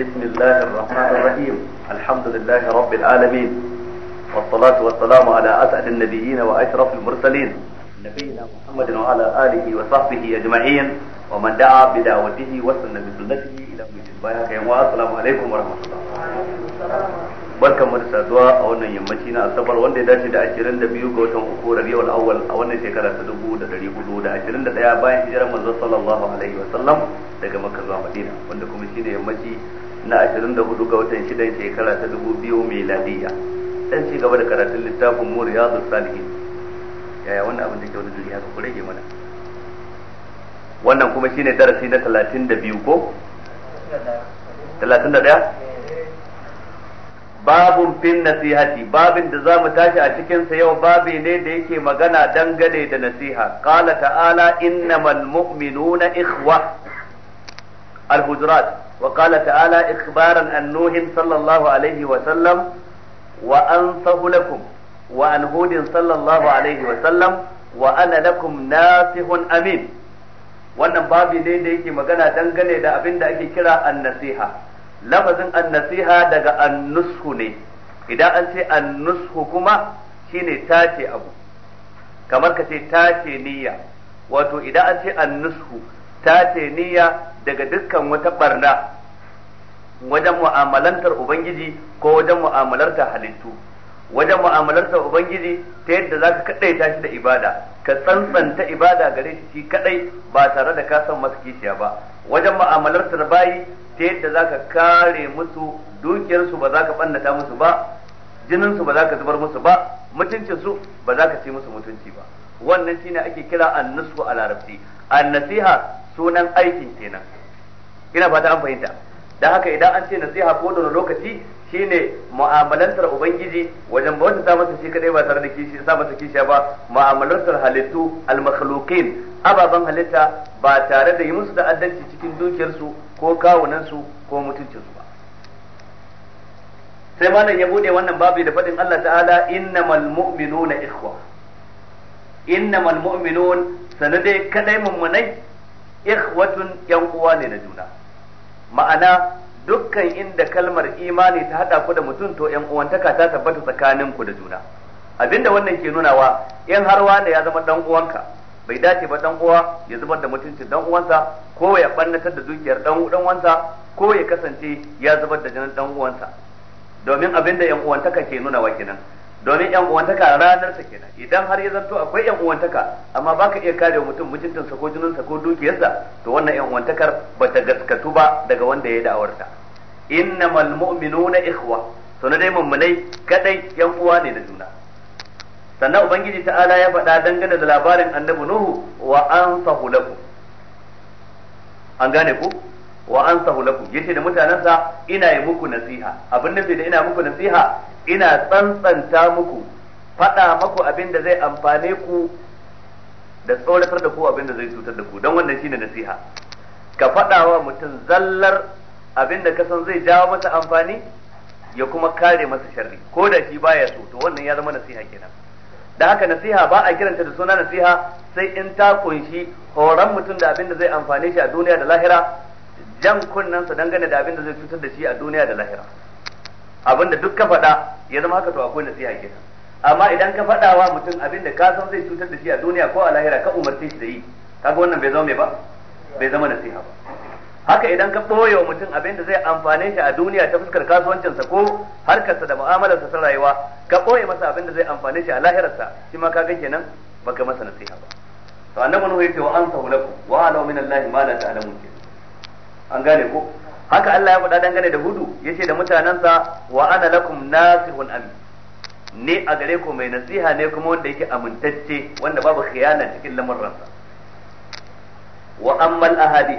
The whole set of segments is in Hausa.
بسم الله الرحمن الرحيم الحمد لله رب العالمين والصلاة والسلام على أسعد النبيين وأشرف المرسلين نبينا محمد وعلى آله وصحبه أجمعين ومن دعا بدعوته وسن بسنته إلى السلام عليكم ورحمة الله barkan mu da saduwa a wannan yammaci na asabar wanda ya dace da 22 ga watan uku rabiul awwal a wannan shekara ta 1421 bayan hijirar manzon sallallahu alaihi daga makka zuwa madina wanda kuma shine yammaci na 24 ga watan 6 shekara ta 2000 miladiya dan ci gaba da karatun littafin mu riyadus salihin yaya wannan abin da ke wani duniya ku kurege mana wannan kuma shine darasi na 32 ko 31 babun fin nasihati babin da zamu tashi a cikin sa yau babi ne da yake magana dangane da nasiha qala ta'ala innamal mu'minuna ikhwa al-hujurat وقال تعالى إخبارا عن نوح صلى الله عليه وسلم وأنصه لكم وعن هود صلى الله عليه وسلم وأنا لكم ناصح أمين wannan babi ne da yake magana dangane da abin da ake kira annasiha lafazin annasiha daga annushu ne idan an ce annushu kuma shine tace abu kamar ka ce tace niyya wato idan an ce annushu tace niyya daga dukkan wata barna wajen mu'amalantar ubangiji ko wajen mu'amalarta halittu wajen mu'amalarta ubangiji ta yadda za ka kaɗaita shi da ibada ka tsantsanta ibada gare shi shi kaɗai ba tare da kasan san kishiya ba wajen mu'amalartar bayi ta yadda za ka kare musu dukiyarsu ba za ka ɓannata musu ba jininsu ba za ka zubar musu ba mutuncinsu ba za ka ci musu mutunci ba wannan shine ake kira annasu a larabci annasiha sunan aikin kenan ina ba ta an fahimta dan haka idan an ce nasiha ko da lokaci shine mu'amalantar ubangiji wajen bauta ta masa shi kadai ba tare da kishi sa masa kishiya ba mu'amalantar halittu al-makhluqin ababan halitta ba tare da yi musu da addanci cikin dukiyarsu ko kawunansu ko mutuncinsu ba sai nan ya bude wannan babu da fadin Allah ta'ala innamal mu'minuna ikhwa innamal mu'minun sanade kadai mummunai ikhwatun yan uwa ne na juna ma'ana dukkan inda kalmar imani ta hada ku da mutum to yan uwantaka ta tabbata tsakanin ku da juna abinda wannan ke nunawa in har wani ya zama dan uwanka bai dace ba dan uwa ya zubar da mutuncin dan uwansa ko ya bannatar da dukiyar dan dan uwansa ko ya kasance ya zubar da jinin dan uwansa domin abinda yan uwantaka ke nunawa kenan domin yan uwantaka ranar sa kenan idan har ya zanto akwai yan uwantaka amma baka iya kare mutum mutuntun sa ko jinin sa ko dukiyarsa to wannan yan uwantakar ba ta gaskatu ba daga wanda ya yi da'awarta innamal mu'minuna ikhwa na dai mummunai kadai yan uwa ne da juna sannan ubangiji ta'ala ya faɗa dangane da labarin annabi nuhu wa an lahu an gane ku wa ansahu lakum yace da mutanansa ina yi muku nasiha abin da da ina muku nasiha ina tsantsanta muku faɗa muku abin da zai amfane ku da tsoratar da ku abin da zai cutar da ku don wannan shine nasiha ka faɗa wa mutum zallar abin da ka san zai jawo masa amfani ya kuma kare masa sharri ko da shi baya so to wannan ya zama nasiha kenan da haka nasiha ba a kiranta da suna nasiha sai in ta kunshi horon mutum da abin da zai amfane shi a duniya da lahira jan kunnen sa dangane da abin da zai cutar da shi a duniya da lahira abin da duk ka faɗa ya zama haka to akwai nasiha kenan amma idan ka faɗa wa mutum abin da ka san zai cutar da shi a duniya ko a lahira ka umarce shi da yi kaga wannan bai zama mai ba bai zama nasiha ba haka idan ka ɓoye wa mutum abin da zai amfane shi a duniya ta fuskar sa ko harkarsa da mu'amalarsa ta rayuwa ka ɓoye masa abin da zai amfane shi a lahirarsa shi ma kaga kenan baka masa nasiha ba to annabi nuhu yace wa ansahu lakum wa alaw min allahi ma la ta'lamun an gane ko haka Allah ya faɗa dangane da hudu yace da mutanansa wa ana lakum nasihun amin ne a gare ku mai nasiha ne kuma wanda yake amintacce wanda babu khiyana cikin lamurransa wa ammal ahadi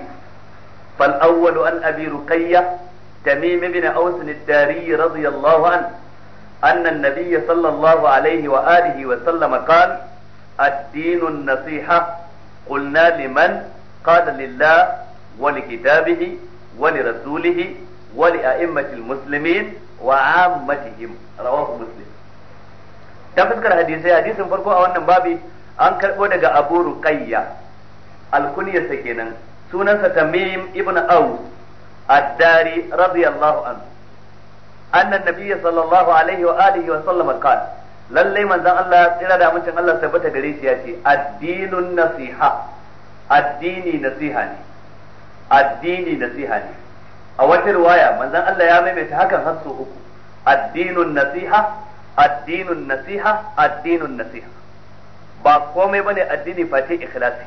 fal awwal an abi ruqayya tamim ibn aus ad-dari radiyallahu an anna an-nabiy sallallahu alayhi wa alihi wa sallam qala ad-din an-nasiha ƙulna liman, قال لله wani kitabihi wani rasulihi wani a'immatil muslimin wa ammatihim rawahu muslim ta fuskar hadisai hadisin farko a wannan babi an karbo daga Abu Ruqayya alkunyarsa kenan sunansa Tamim ibn Aus ad-Dari radiyallahu anhu anna nabiyya sallallahu alaihi wa alihi wa sallam qala lallai manzan Allah tsira da amincin Allah tabbata gare shi ya addinun nasiha addini nasiha ne addini nasiha ne a wata riwaya manzon Allah ya maimaita hakan har sau uku addinun nasiha addinun nasiha addinun nasiha ba komai bane addini face ikhlasi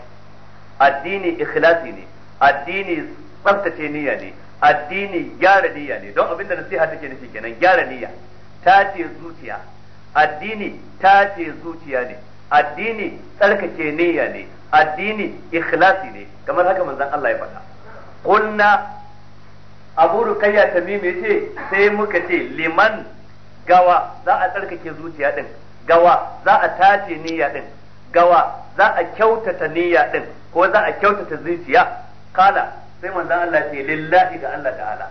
addini ikhlasi ne addini tsaftace niyya ne addini gyara niyya ne don abinda nasiha take nufi kenan gyara niyya tace zuciya addini tace zuciya ne addini tsarkake niyya ne addini ikhlasi ne kamar haka manzon Allah ya faɗa kunna abu rukayya tamim yace sai muka ce liman gawa za a tsarkake zuciya din gawa za a tace niyya din gawa za a kyautata niyya din ko za a kyautata zuciya kala sai manzon Allah ce lillahi ga Allah ta'ala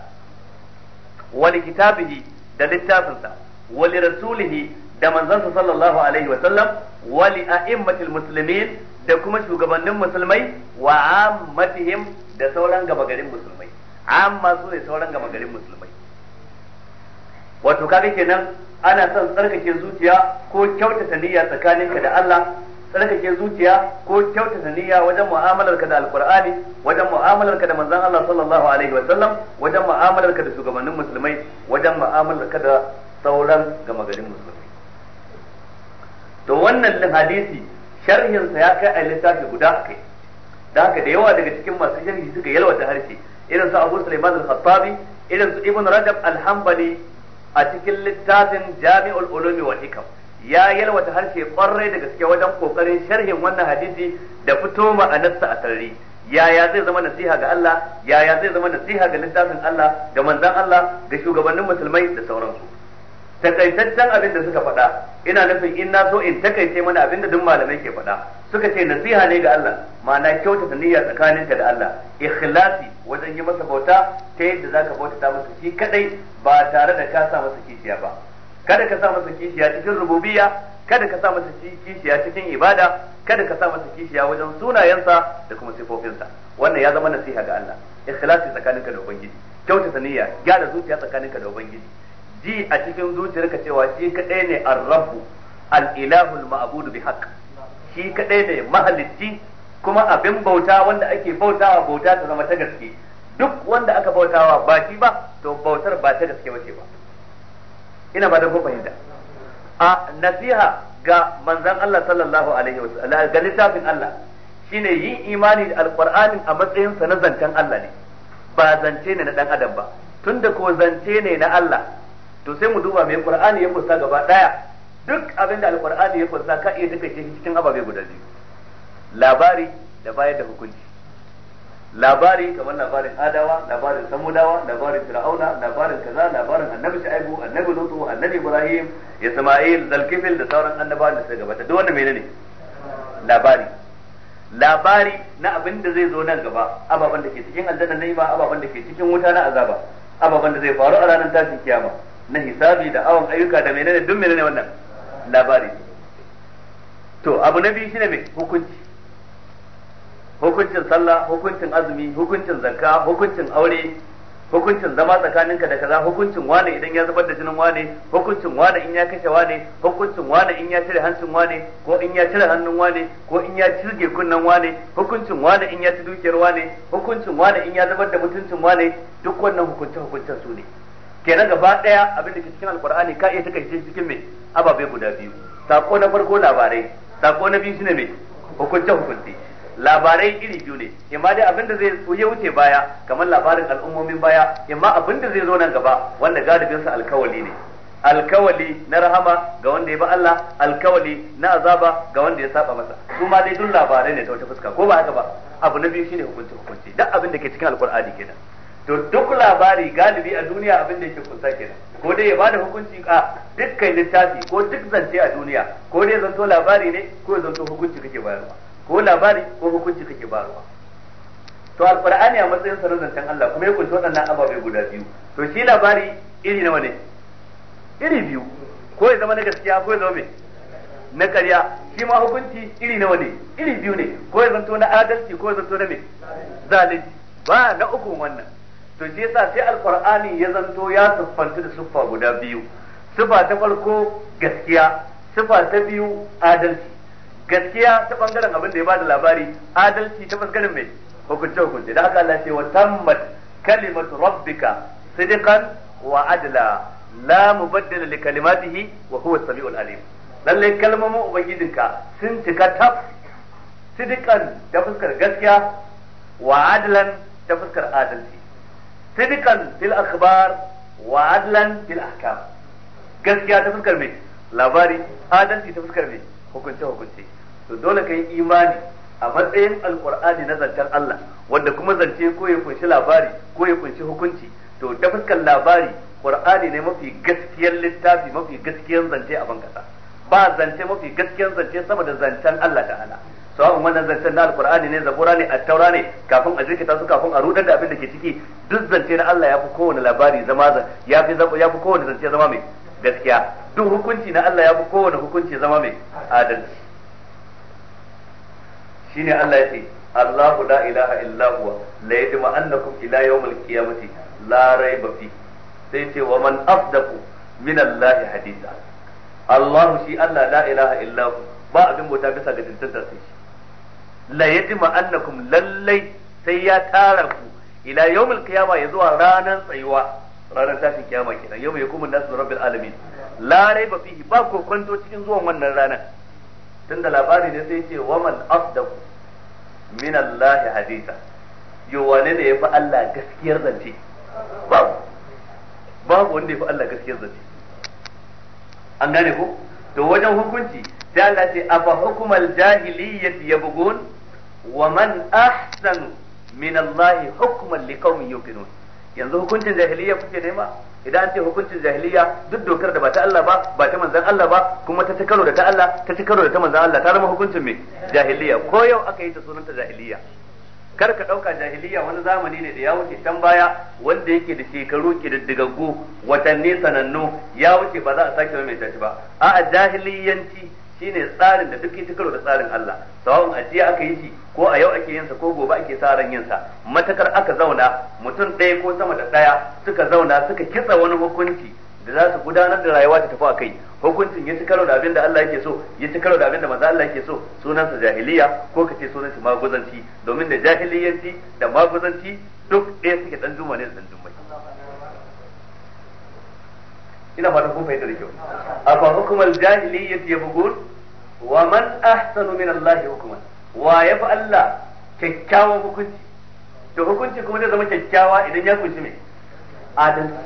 wal kitabihi da littafinsa wal rasulihi da manzansa sallallahu alaihi wa sallam wali a'immatil muslimin da kuma shugabannin musulmai wa ammatihim da sauran gama garin musulmai amma su ne sauran gama garin musulmai wato kaga kenan ana son tsarkake zuciya ko kyautata niyya tsakaninka da Allah tsarkake zuciya ko kyautata niyya wajen mu'amalarka da alkur'ani wajen mu'amalarka da manzon Allah sallallahu alaihi wasallam wajen mu'amalarka da shugabannin musulmai wajen mu'amalarka da sauran garin musulmai to wannan hadisi sharhin sa ya kai a littafi guda kai da haka da yawa daga cikin masu sharhi suka yalwata harshe irin su Abu Sulaiman al-Khattabi irin su Ibn Rajab al-Hanbali a cikin littafin Jami'ul Ulumi wal Hikam ya yalwata harshe kwarai da gaske wajen kokarin sharhin wannan hadisi da fito ma'anarsa a sarri yaya zai zama nasiha ga Allah yaya zai zama nasiha ga littafin Allah ga manzon Allah ga shugabannin musulmai da sauransu takaitaccen abin da suka faɗa ina nufin in na so in takaice mana abin da duk malamai ke faɗa suka ce nasiha ne ga Allah ma'ana kyautata niyya tsakaninka da Allah ikhlasi wajen yi masa bauta ta yadda zaka bautata masa shi kadai ba tare da ka sa masa kishiya ba kada ka sa masa kishiya cikin rububiyya kada ka sa masa kishiya cikin ibada kada ka sa masa kishiya wajen sunayensa da kuma sifofinsa wannan ya zama nasiha ga Allah ikhlasi tsakaninka da ubangiji kyautata niyya gyara zuciya tsakaninka da ubangiji ji a cikin zuciyarka cewa shi kadai ne ar rabbu al-ilahu al-ma'budu bi haqq shi kadai ne mahalicci kuma abin bauta wanda ake bautawa bauta ta zama ta gaske duk wanda aka bautawa ba shi ba to bautar ba ta gaske bace ba ina ba da ko fahimta a nasiha ga manzon Allah sallallahu alaihi wasallam ga littafin Allah shine yi imani da alqur'ani a matsayin sa na zancen Allah ne ba zance ne na dan adam ba tunda ko zance ne na Allah to sai mu duba mai qur'ani ya kunsa gaba daya duk abin da alqur'ani ya kunsa ka iya take shi cikin ababe guda biyu labari da bayar da hukunci labari kamar labarin adawa labarin samudawa labarin fir'auna labarin kaza labarin annabi shu'aibu annabi lutu annabi ibrahim isma'il zalkifil da sauran annabawan da suka gabata duk wannan menene labari labari na abin da zai zo nan gaba ababen da ke cikin aljanna ni'ima ababen da ke cikin wuta na azaba ababen da zai faru a ranar tashin kiyama na hisabi da awon ayyuka da menene duk menene wannan labari to abu na biyu shine me? hukunci hukuncin sallah hukuncin azumi hukuncin zakka hukuncin aure hukuncin zama tsakaninka da kaza hukuncin wane idan ya zubar da jinin wane hukuncin wane in ya kashe wane hukuncin wane in ya cire hancin wane ko in ya cire hannun wane ko in ya cirge kunnen wane hukuncin wane in ya ci dukiyar wane hukuncin wane in ya zubar da mutuncin wane duk wannan hukunce hukuncen su ne kenan gaba daya abin da ke cikin alqur'ani ka iya takaice cikin me ababe guda biyu sako na farko labarai sako na biyu shine me hukunce hukunci labarai iri biyu ne imma dai abin da zai ya wuce baya kamar labarin al'ummomin baya imma abin da zai zo nan gaba wanda galibin sa alkawali ne alkawali na rahama ga wanda ya ba Allah alkawali na azaba ga wanda ya saba masa su ma dai duk labarai ne ta wata fuska ko ba haka ba abu na biyu shine hukunci hukunci duk abin da ke cikin alqur'ani kenan to duk labari galibi a duniya abin da yake kunsa kenan ko dai ya bada hukunci a dukkan littafi ko duk zance a duniya ko dai zanto labari ne ko zanto hukunci kake bayarwa ko labari ko hukunci kake bayarwa to alqur'ani a matsayin sa zancen Allah kuma ya kunshi waɗannan ababai guda biyu to shi labari iri nawa ne iri biyu ko ya zama na gaskiya ko ya zama mai? na ƙarya shi ma hukunci iri nawa ne iri biyu ne ko ya zanto na adalci ko ya zanto na me zalunci ba na uku wannan to shi yasa sai alqur'ani ya zanto ya siffanta da siffa guda biyu siffa ta farko gaskiya siffa ta biyu adalci gaskiya ta bangaren abin da ya bada labari adalci ta bangaren mai hukunce hukunce da haka Allah ce wa tammat kalimatu rabbika sidqan wa adla la mubaddala li kalimatihi wa huwa as-sami'ul alim lalle kalmomin ubangijinka sun cika tab sidqan ta fuskar gaskiya wa adlan ta fuskar adalci sidikan fil akhbar wa adlan fil ahkam gaskiya ta fuskar me labari adalci ta fuskar me hukunce hukunce to dole kai imani a matsayin alqur'ani na zancen Allah wanda kuma zance ko ya kunshi labari ko ya kunshi hukunci to ta fuskar labari qur'ani ne mafi gaskiyar littafi mafi gaskiyar zance a bangasa ba zance mafi gaskiyar zance sama da zancen Allah ta'ala sawabin wannan zancen na alkur'ani ne zabura ne attaura ne kafin a jirkita su kafin a rudar da abin da ke ciki duk zance na Allah ya fi kowane labari zama ya fi ya fi kowane zance zama mai gaskiya duk hukunci na Allah ya fi kowane hukunci zama mai adalci shine Allah ya ce Allahu la ilaha illa huwa la yadma annakum ila yawmil qiyamati la raiba fi sai ce wa man afdaku min Allah hadisa Allah shi Allah la ilaha illa hu ba abin bauta bisa ga tantance shi. la yajma annakum lallai sai ya tara ku ila yawmil qiyamah ya zuwa ranar tsayuwa ranar tashin kiyama kenan yawma yakumun nasu rabbil alamin la raiba fihi ba ko kwanto cikin zuwan wannan rana. tunda labari ne sai ce wa man afdaq min allahi hadisa yo wane ne yafi Allah gaskiyar zance babu babu wanda yafi Allah gaskiyar zance an gane ko to wajen hukunci sai Allah ce afa hukumal jahiliyyati yabghun wa man ahsanu min Allah hukman liqaumin yuqinun yanzu hukuncin jahiliya kuke nema idan an ce hukuncin jahiliya duk dokar da ba ta Allah ba ba ta manzon Allah ba kuma ta ci karo da ta Allah ta ci karo da ta manzon Allah ta zama hukuncin me jahiliya ko yau aka yi ta sunanta jahiliya kar ka dauka jahiliya wani zamani ne da ya wuce can baya wanda yake da shekaru kididdigaggu watanni sanannu ya wuce ba za a sake mai tashi ba a'a jahiliyanci shine tsarin da duk ita karo da tsarin Allah sawa'un ajiya aka yi shi ko a yau ake yin sa ko gobe ake sa ran yin sa matakar aka zauna mutum ɗaya ko sama da ɗaya suka zauna suka kitsa wani hukunci da za su gudanar da rayuwa ta tafi a kai hukuncin ya ci karo da abin da Allah yake so ya ci karo da abin da manzo Allah yake so sa jahiliya ko ka ce shi maguzanci domin da jahiliyanci da maguzanci duk ɗaya suke dan juma ne da dan juma ina ta kun fahimta da kyau afa hukumar jahiliyyati yabghun wa man ahsanu min Allah hukuma. wa yafi Allah kyakkyawan hukunci to hukunci kuma zai zama kyakkyawa idan ya kunci mai adalci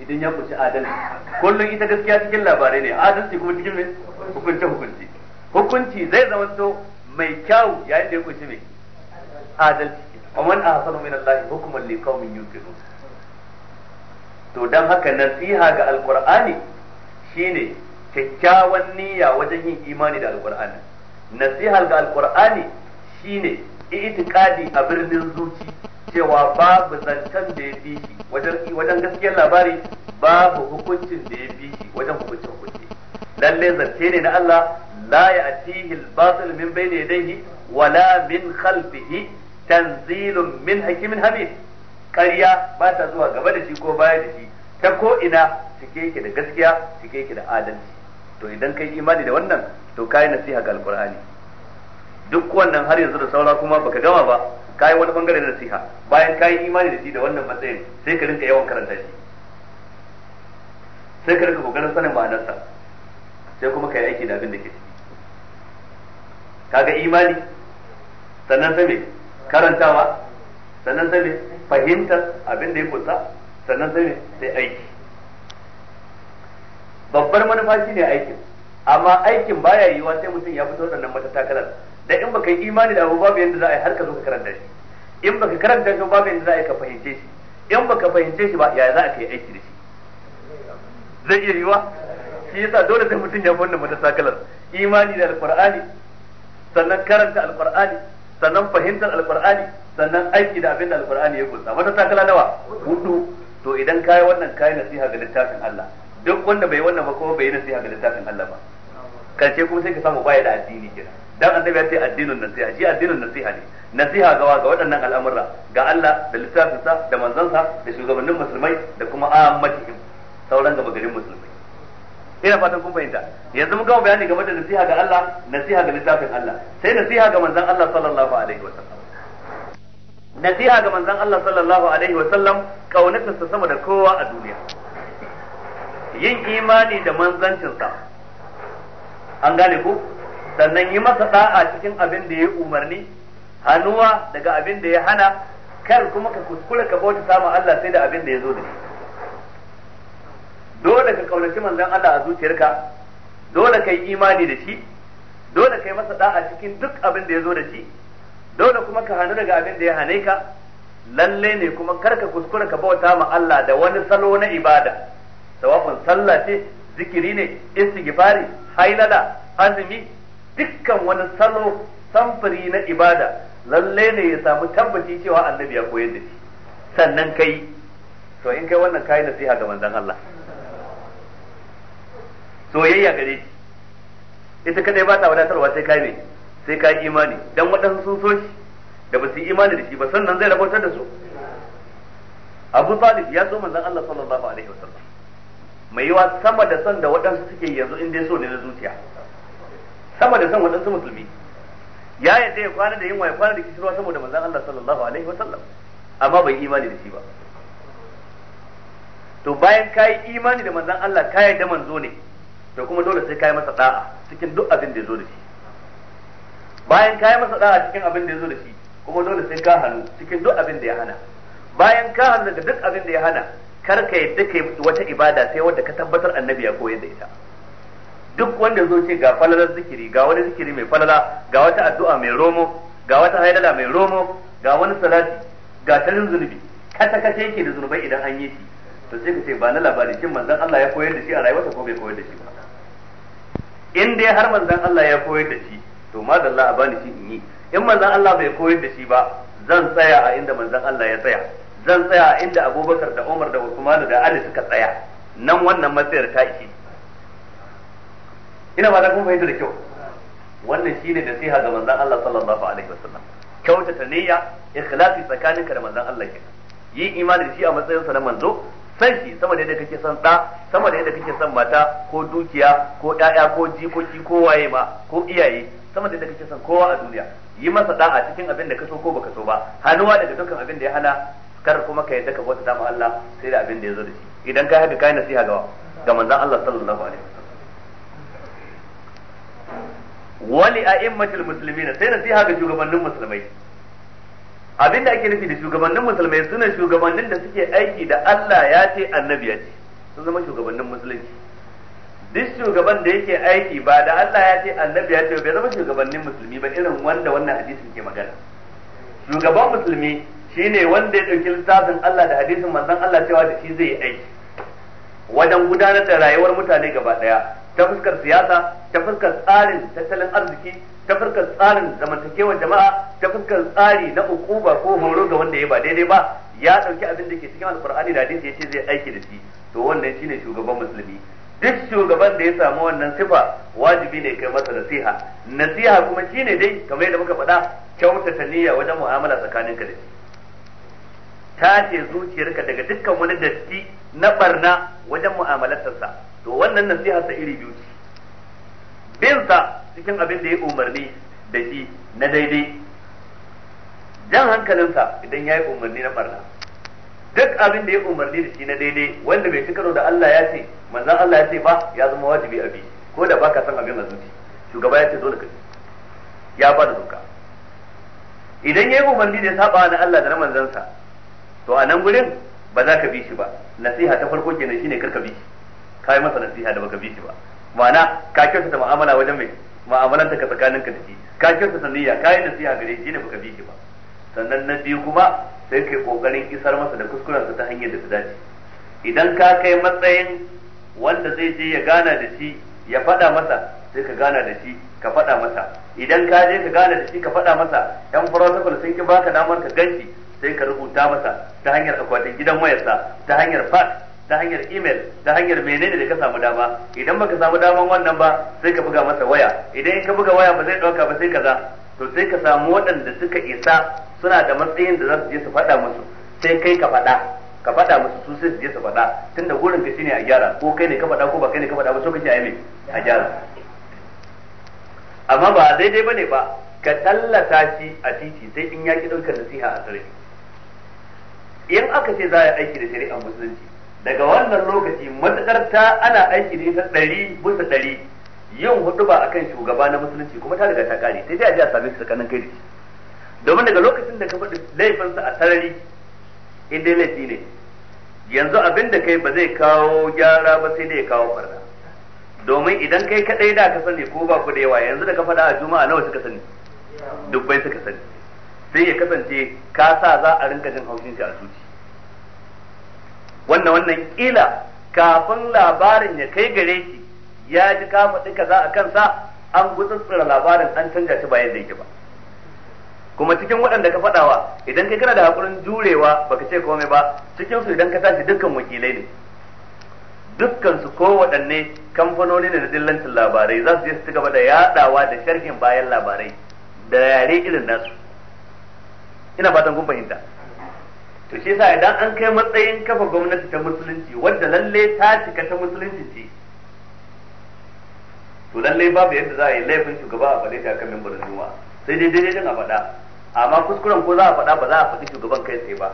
idan ya kunci adalci kullum ita gaskiya cikin labarai ne adalci kuma cikin mai hukunci hukunci hukunci zai zama to mai kyau yayin da ya kunci mai adalci wa man ahsanu min Allah li qaumin yuqinu to dan haka nasiha ga alqur'ani shine kyakkyawan niyya wajen yin imani da alkur'ani nasihar ga alkur'ani shine itikadi a birnin zuci cewa babu zancen da ya fi shi wajen gaskiyar labari babu hukuncin da ya fi shi wajen hukuncin hukunci lalle zance ne na Allah la ya'tihi al min bayni yadayhi wala min khalfihi tanzilun min hakimin hamid ƙarya ba ta zuwa gaba da shi ko baya da shi ta ko ina cike yake da gaskiya cike yake da adalci to idan kai imani da wannan to kai nasiha ga alqur'ani duk wannan har yanzu da saura kuma baka gama ba kai wani bangare na nasiha bayan kai imani da shi da wannan matsayin sai ka rinka yawan karanta shi sai ka rinka kokarin sanin ma'anarsa sai kuma kai aiki da abin da ke ciki kaga imani sannan sai karantawa sannan sai fahimtar abin da ya kusa sannan sai sai aiki babbar manufa ne aikin amma aikin baya yiwuwa sai mutum ya fito waɗannan matatakalar da in baka yi imani da abu babu yadda za a yi har ka zo ka karanta shi in baka karanta shi babu yadda za a yi ka fahimce shi in baka fahimce shi ba yaya za a kai aiki da shi zai iya yiwuwa shi yasa dole sai mutum ya wannan matatakalar imani da alqur'ani sannan karanta alqur'ani sannan fahimtar alqur'ani sannan aiki da abin da alqur'ani ya kunsa matatakalar nawa hudu to idan kai wannan kai nasiha ga littafin Allah duk wanda bai wannan ba kuma bai yi nasiha ga littafin Allah ba karshe kuma sai ka samu baya da addini kira dan annabi ya ce addinin nasiha shi addinin nasiha ne nasiha gawa ga waɗannan al'amura ga Allah da littafinsa da sa da shugabannin musulmai da kuma ammatihim sauran gaba garin musulmai ina fatan kun fahimta yanzu mun gama bayani game da nasiha ga Allah nasiha ga littafin Allah sai nasiha ga manzon Allah sallallahu alaihi wa sallam nasiha ga manzon Allah sallallahu alaihi wa sallam kaunatarsa sama da kowa a duniya yin imani da manzancinsa an gane ku sannan yi masa da'a cikin abin da ya umarni hannuwa daga abin da ya hana kar kuma ka kuskura ka bauta sama Allah sai da abin da ya zo da shi dole ka kaunaci manzon Allah a zuciyarka dole ka yi imani da shi dole ka yi masa da'a cikin duk abin da ya zo da shi dole kuma ka hannu daga abin da ya hane ka lalle ne kuma kar ka kuskura ka bauta ma Allah da wani salo na ibada sawafin sallah ce zikiri ne istighfari hailala azumi dukkan wani salo samfuri na ibada lalle ne ya samu tabbaci cewa annabi ya koyar da shi sannan kai to in kai wannan kai nasiha ga manzon Allah soyayya gare shi ita kadai ba ta wadatarwa sai kai ne sai kai imani dan waɗansu sun so shi da ba su yi imani da shi ba sannan zai rabotar da su Abu Talib ya so manzon Allah sallallahu alaihi wasallam mai yiwa sama da son da waɗansu suke yanzu in dai so ne na zuciya sama da son waɗansu musulmi ya yadda ya kwana da yunwa ya kwana da kishirwa saboda mazan Allah sallallahu alaihi wa sallam amma bai imani da shi ba to bayan kai imani da mazan Allah ka yadda manzo ne to kuma dole sai kai masa da'a cikin duk abin da ya zo da shi bayan kai masa da'a cikin abin da ya zo da shi kuma dole sai ka hannu cikin duk abin da ya hana bayan ka hannu daga duk abin da ya hana kar ka yadda wata ibada sai wanda ka tabbatar annabi ya koyar da ita duk wanda zo ce ga falalar zikiri ga wani zikiri mai falala ga wata addu'a mai romo ga wata haidala mai romo ga wani salati ga talin zunubi kasa kasa yake da zunubai idan an yi shi to sai ka ce ba na labari shin manzon Allah ya koyar da shi a rayuwarsa ko bai koyar da shi ba in dai har manzon Allah ya koyar da shi to ma dalla a bani shi in yi in manzon Allah bai koyar da shi ba zan tsaya a inda manzon Allah ya tsaya zan tsaya inda abubakar da umar da usmanu da ali suka tsaya nan wannan matsayar ta ishi ina ba da kuma fahimta da kyau wannan shine da siha ga manzon Allah sallallahu alaihi wasallam kyautata niyya ikhlasi tsakaninka da manzon Allah kenan yi imani da shi a matsayin sa na manzo san shi sama da yadda kake son ɗa sama da yadda kake son mata ko dukiya ko ƴaƴa ko jikoki ko waye ma ko iyaye sama da yadda kake son kowa a duniya yi masa da'a cikin abin da ka so ko baka so ba hannuwa daga dukkan abin da ya hana kar kuma ka yadda ka bauta ta Allah sai da abin da ya zo da shi idan ka haka kai nasiha ga ga manzon Allah sallallahu alaihi wasallam wali a'immatul muslimin sai nasiha ga shugabannin musulmai abin da ake nufi da shugabannin musulmai suna shugabannin da suke aiki da Allah ya ce annabi ya ce sun zama shugabannin musulunci duk shugaban da yake aiki ba da Allah ya ce annabi ya ce bai zama shugabannin musulmi ba irin wanda wannan hadisin ke magana shugaban musulmi Shi ne wanda ya ɗauki littafin Allah da hadisin manzon Allah cewa da shi zai yi aiki wajen gudanar da rayuwar mutane gaba ɗaya ta fuskar siyasa ta fuskar tsarin tattalin arziki ta fuskar tsarin zamantakewar jama'a ta fuskar tsari na ukuba ko horo ga wanda ya ba daidai ba ya ɗauki abin da ke cikin alkur'ani da hadisi ya ce zai aiki da shi to wannan shine shugaban musulmi duk shugaban da ya samu wannan sifa wajibi ne kai masa nasiha nasiha kuma shine dai kamar yadda muka faɗa kyautata niyya wajen mu'amala tsakanin da shi tace zuciyarka daga dukkan wani datti na barna wajen mu'amalatarsa to wannan nasiha ta iri biyu ce bin sa cikin abin da ya umarni da shi na daidai jan hankalinsa idan ya yi umarni na barna duk abin da ya umarni da shi na daidai wanda bai ci karo da Allah ya ce manzon Allah ya ce ba ya zama wajibi a bi ko da baka san abin a zuci shugaba ya ce dole ka ya ba da doka idan ya yi umarni da saba na Allah da na manzansa to a nan gurin ba za ka bi shi ba nasiha ta farko kenan shine kar ka bi shi ka yi masa nasiha da baka bi shi ba ma'ana ka kyautata mu'amala wajen mai mu'amalanta ka tsakanin ka da shi ka kyautata niyya ka yi nasiha gare shi ne baka bi shi ba sannan na biyu kuma sai kai kokarin isar masa da kuskurensa ta hanyar da ta dace idan ka kai matsayin wanda zai je ya gana da shi ya faɗa masa sai ka gana da shi ka faɗa masa idan ka je ka gana da shi ka faɗa masa yan protocol sun ki baka damar ka ganshi sai ka rubuta masa ta hanyar akwatin gidan wayarsa ta hanyar fax ta hanyar email ta hanyar menene da ka samu dama idan baka samu daman wannan ba sai ka buga masa waya idan ka buga waya ba zai dauka ba sai kaza to sai ka samu waɗanda suka isa suna da matsayin da za su je su faɗa musu sai kai ka faɗa ka faɗa musu su sai su je su faɗa tunda gurin ka shine a gyara ko kai ne ka faɗa ko ba kai ne ka faɗa ba so kace a yi a gyara amma ba daidai bane ba ka tallata shi a titi sai in ya ki daukar nasiha a sarki in aka ce za a yi aiki da shari'ar musulunci daga wannan lokaci matakar ta ana aiki da ita ɗari bisa ɗari yin hudu ba akan shugaba na musulunci kuma ta riga ta kare sai dai a ji a same su tsakanin kai da shi domin daga lokacin da ka faɗi laifinsa a sarari in dai laifi ne yanzu abin da kai ba zai kawo gyara ba sai dai ya kawo farda domin idan kai kaɗai da ka sani ko ba ku da yawa yanzu da ka faɗa a juma'a nawa suka sani dubbai suka sani sai ya kasance ka sa za a rinka jin haushin shi a zuci wannan wannan kila kafin labarin ya kai gare shi ya ji ka faɗi kaza a kansa an gutsutsura labarin an canja shi ba yadda yake ba kuma cikin waɗanda ka faɗawa idan kai kana da hakurin jurewa baka ce komai ba cikin su idan ka tashi dukkan wakilai ne dukkan su ko waɗanne kamfanoni ne na dillancin labarai za su je su ci gaba da yaɗawa da sharhin bayan labarai da yare irin nasu ina fatan kun fahimta to shi yasa idan an kai matsayin kafa gwamnati ta musulunci wadda lalle ta cika ta musulunci ce to lalle babu yadda za a yi laifin shugaba a faɗe ta kan membarin juma sai dai daidai din a faɗa amma kuskuren ko za a faɗa ba za a faɗi shugaban kai tsaye ba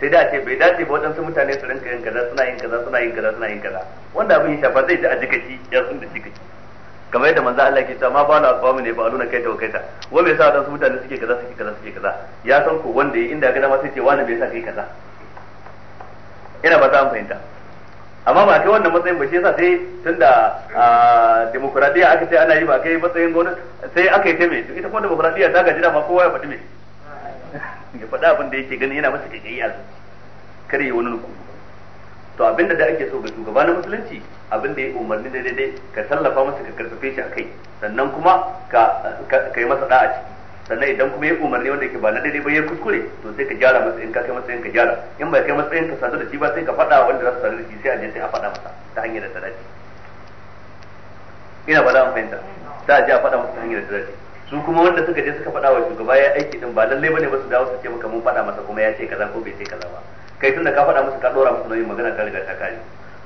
sai da ce bai dace ba waɗansu mutane su rinka yin kaza suna yin kaza suna yin kaza suna yin kaza wanda abin ya shafa zai ji a jikaci ya sun da shi kamar yadda manzo Allah ke cewa ma ba na aqwamu ne ba aluna kai ta kai ta wa me yasa su mutane suke kaza suke kaza suke kaza ya san ko wanda ya inda ga dama sai ce wani me yasa kai kaza ina ba ta an fahimta amma ba kai wannan matsayin ba shi yasa sai tunda a demokradiya aka ce ana yi ba kai matsayin gona sai aka yi ta me ita ko demokradiya ta gaji ma kowa ya faɗi me ya faɗa abin da yake gani yana masa kai ya kare wani nuku to abin da ake so ga shugaba na musulunci da ya umarni da daidai ka tallafa masa ka karfafe shi akai sannan kuma ka ka yi masa da'a ciki sannan idan kuma ya umarni wanda yake ba na daidai ba ya kuskure to sai ka gyara matsayin ka kai matsayin ka gyara in ba kai matsayin ka sadu da shi ba sai ka faɗa wanda za su sadu da shi sai a je sai a faɗa masa ta hanyar da ta dace ina ba an fahimta sai a je a faɗa masa ta hanyar da ta dace su kuma wanda suka je suka faɗa wa shugaba ya aiki din ba lallai bane ba su dawo su ce maka mun faɗa masa kuma ya ce kaza ko bai ce kaza ba kai tunda ka faɗa musu ka ɗora musu nauyin magana ta riga ta kare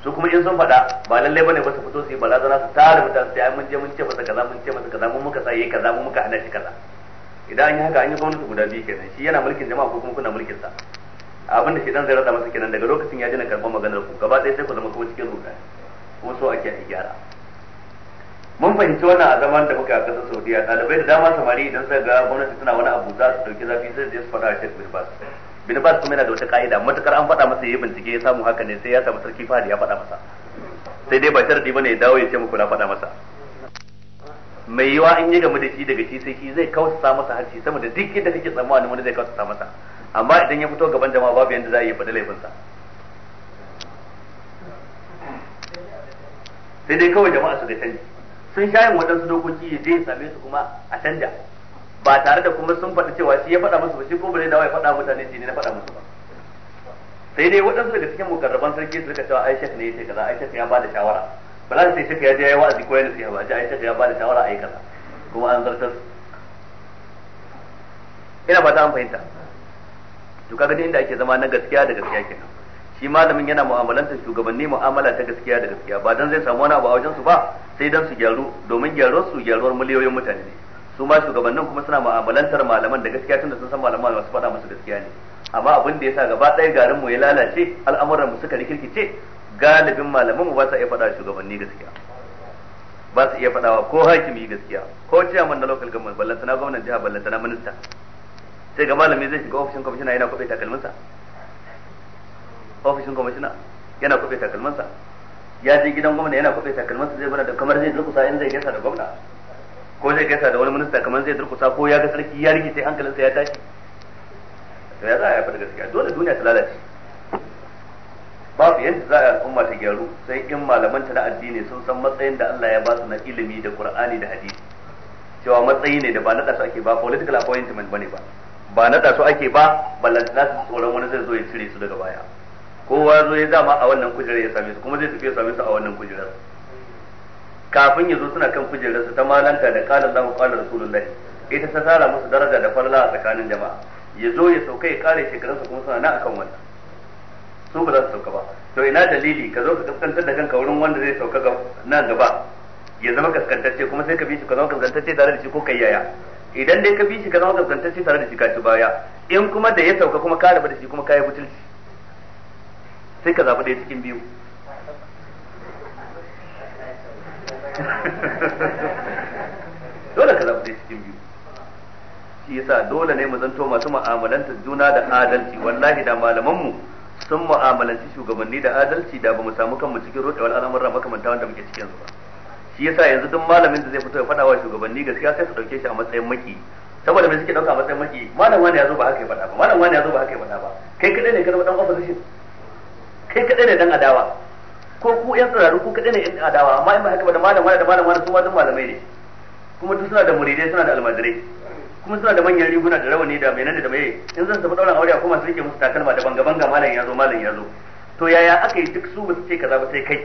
su kuma in sun faɗa ba lallai bane ba su fito su yi balazana su tare mutane sai ai mun je mun ce masa kaza mun ce masa kaza mun muka sa yayi kaza mun muka hana shi kaza idan an yi haka an yi gwamnati guda biyu kenan shi yana mulkin jama'a ko kuma kuna mulkin sa abin da shi dan zai rada masa kenan daga lokacin ya dina karban maganar ku gaba ɗaya sai ku zama kuma cikin ruɗa kuma so ake a gyara mun fahimci wannan a zaman da muka a Saudiya ɗalibai da dama samari idan suka ga gwamnati tana wani abu za su ɗauki zafi sai su je su faɗa a Sheikh Bin bin bas kuma yana da wata ka'ida matukar an faɗa masa yi bincike ya samu haka ne sai ya samu sarki fahad ya faɗa masa sai dai ba sharadi bane ya dawo ya ce muku na faɗa masa mai yiwa in yi game da shi daga shi sai shi zai sa masa harshe sama da duk yadda kake tsammanin wani zai sa masa amma idan ya fito gaban jama'a babu yadda za a yi faɗi laifinsa sai dai kawai jama'a su ga canji sun shayin waɗansu dokoki ya je ya same su kuma a canja ba tare da kuma sun faɗi cewa shi ya faɗa musu ba shi ko bare dawa ya faɗa mutane shi ne na faɗa musu ba sai dai waɗansu daga cikin mukarraban sarki su rika cewa ai shek ne ce kaza ai shek ya bada shawara ba za su sai shek ya je ya wa'azi ko ya nasiha ba ai shek ya bada shawara ai kaza kuma an zartar ina fata an fahimta to kaga dai inda ake zama na gaskiya da gaskiya kenan shi malamin yana mu'amalanta shugabanni mu'amala ta gaskiya da gaskiya ba dan zai samu wani abu a wajen su ba sai dan su gyaru domin gyaruwar su gyaruwar miliyoyin mutane ne su ma shugabannin kuma suna mu'amalantar malaman da gaskiya tunda sun san malaman masu faɗa musu gaskiya ne amma abin da yasa gaba ɗaya garin mu ya lalace al'amuran mu suka rikirkice galibin malaman mu ba su iya faɗa shugabanni gaskiya ba su iya faɗawa ko hakimi gaskiya ko ciyaman na local government na gwamnan jiha na minista sai ga malami zai shiga ofishin kwamishina yana kwabe takalminsa ofishin kwamishina yana kwabe takalminsa ya je gidan gwamna yana kwabe takalminsa zai bada da kamar zai durkusa in zai gaisa da gwamna ko zai gaisa da wani minista kamar zai durkusa ko ya ga sarki ya rikice hankalinsa ya tashi to ya za a yafa da gaskiya dole duniya ta lalace babu yadda za a al'umma ta gyaru sai in malaman ta na addini sun san matsayin da Allah ya ba su na ilimi da Qur'ani da hadisi cewa matsayi ne da ba nada su ake ba political appointment bane ba ba nada su ake ba ballantana su tsoron wani zai zo ya cire su daga baya kowa zo ya zama a wannan kujerar ya same su kuma zai tafi ya same su a wannan kujerar kafin ya zo suna kan su ta malanta da kala Allahu kala Rasulullah ita ta tsara musu daraja da falala a tsakanin jama'a ya zo ya sauka ya kare shekarunsa kuma suna na akan wannan su ba za su sauka ba to ina dalili ka zo ka kaskantar da kanka wurin wanda zai sauka nan gaba ya zama kaskantacce kuma sai ka bi shi ka zama kaskantacce tare da shi ko kai yaya idan dai ka bi shi ka zama kaskantacce tare da shi ka ci baya in kuma da ya sauka kuma ka rabu da shi kuma ka yi butulci sai ka zaɓi ɗaya cikin biyu dole ka zaɓi cikin biyu shi yasa dole ne mu zanto masu mu'amalanta juna da adalci wallahi da malamanmu sun mu'amalanci shugabanni da adalci da ba mu samu kanmu cikin rudewar al'amuran makamanta wanda muke cikin su ba shi yasa yanzu duk malamin da zai fito ya faɗa wa shugabanni gaskiya sai su ɗauke shi a matsayin maki saboda me suke ɗauka a matsayin maki malam wani ya zo ba haka ya faɗa ba malam wani ya zo ba haka ya faɗa ba kai kadai ne ka zama dan opposition kai kadai ne dan adawa ko ku yan tsararru ku kadai ne yan adawa amma in ba haka ba da malam wani da malam wani su ma malamai ne kuma duk suna da muridai suna da almajirai kuma suna da manyan riguna da rawani da menene da mai in zan tafi dauran aure kuma su rike musu takalma da banga banga malam ya zo malam ya zo to yaya aka yi duk su ba su ce kaza ba sai kai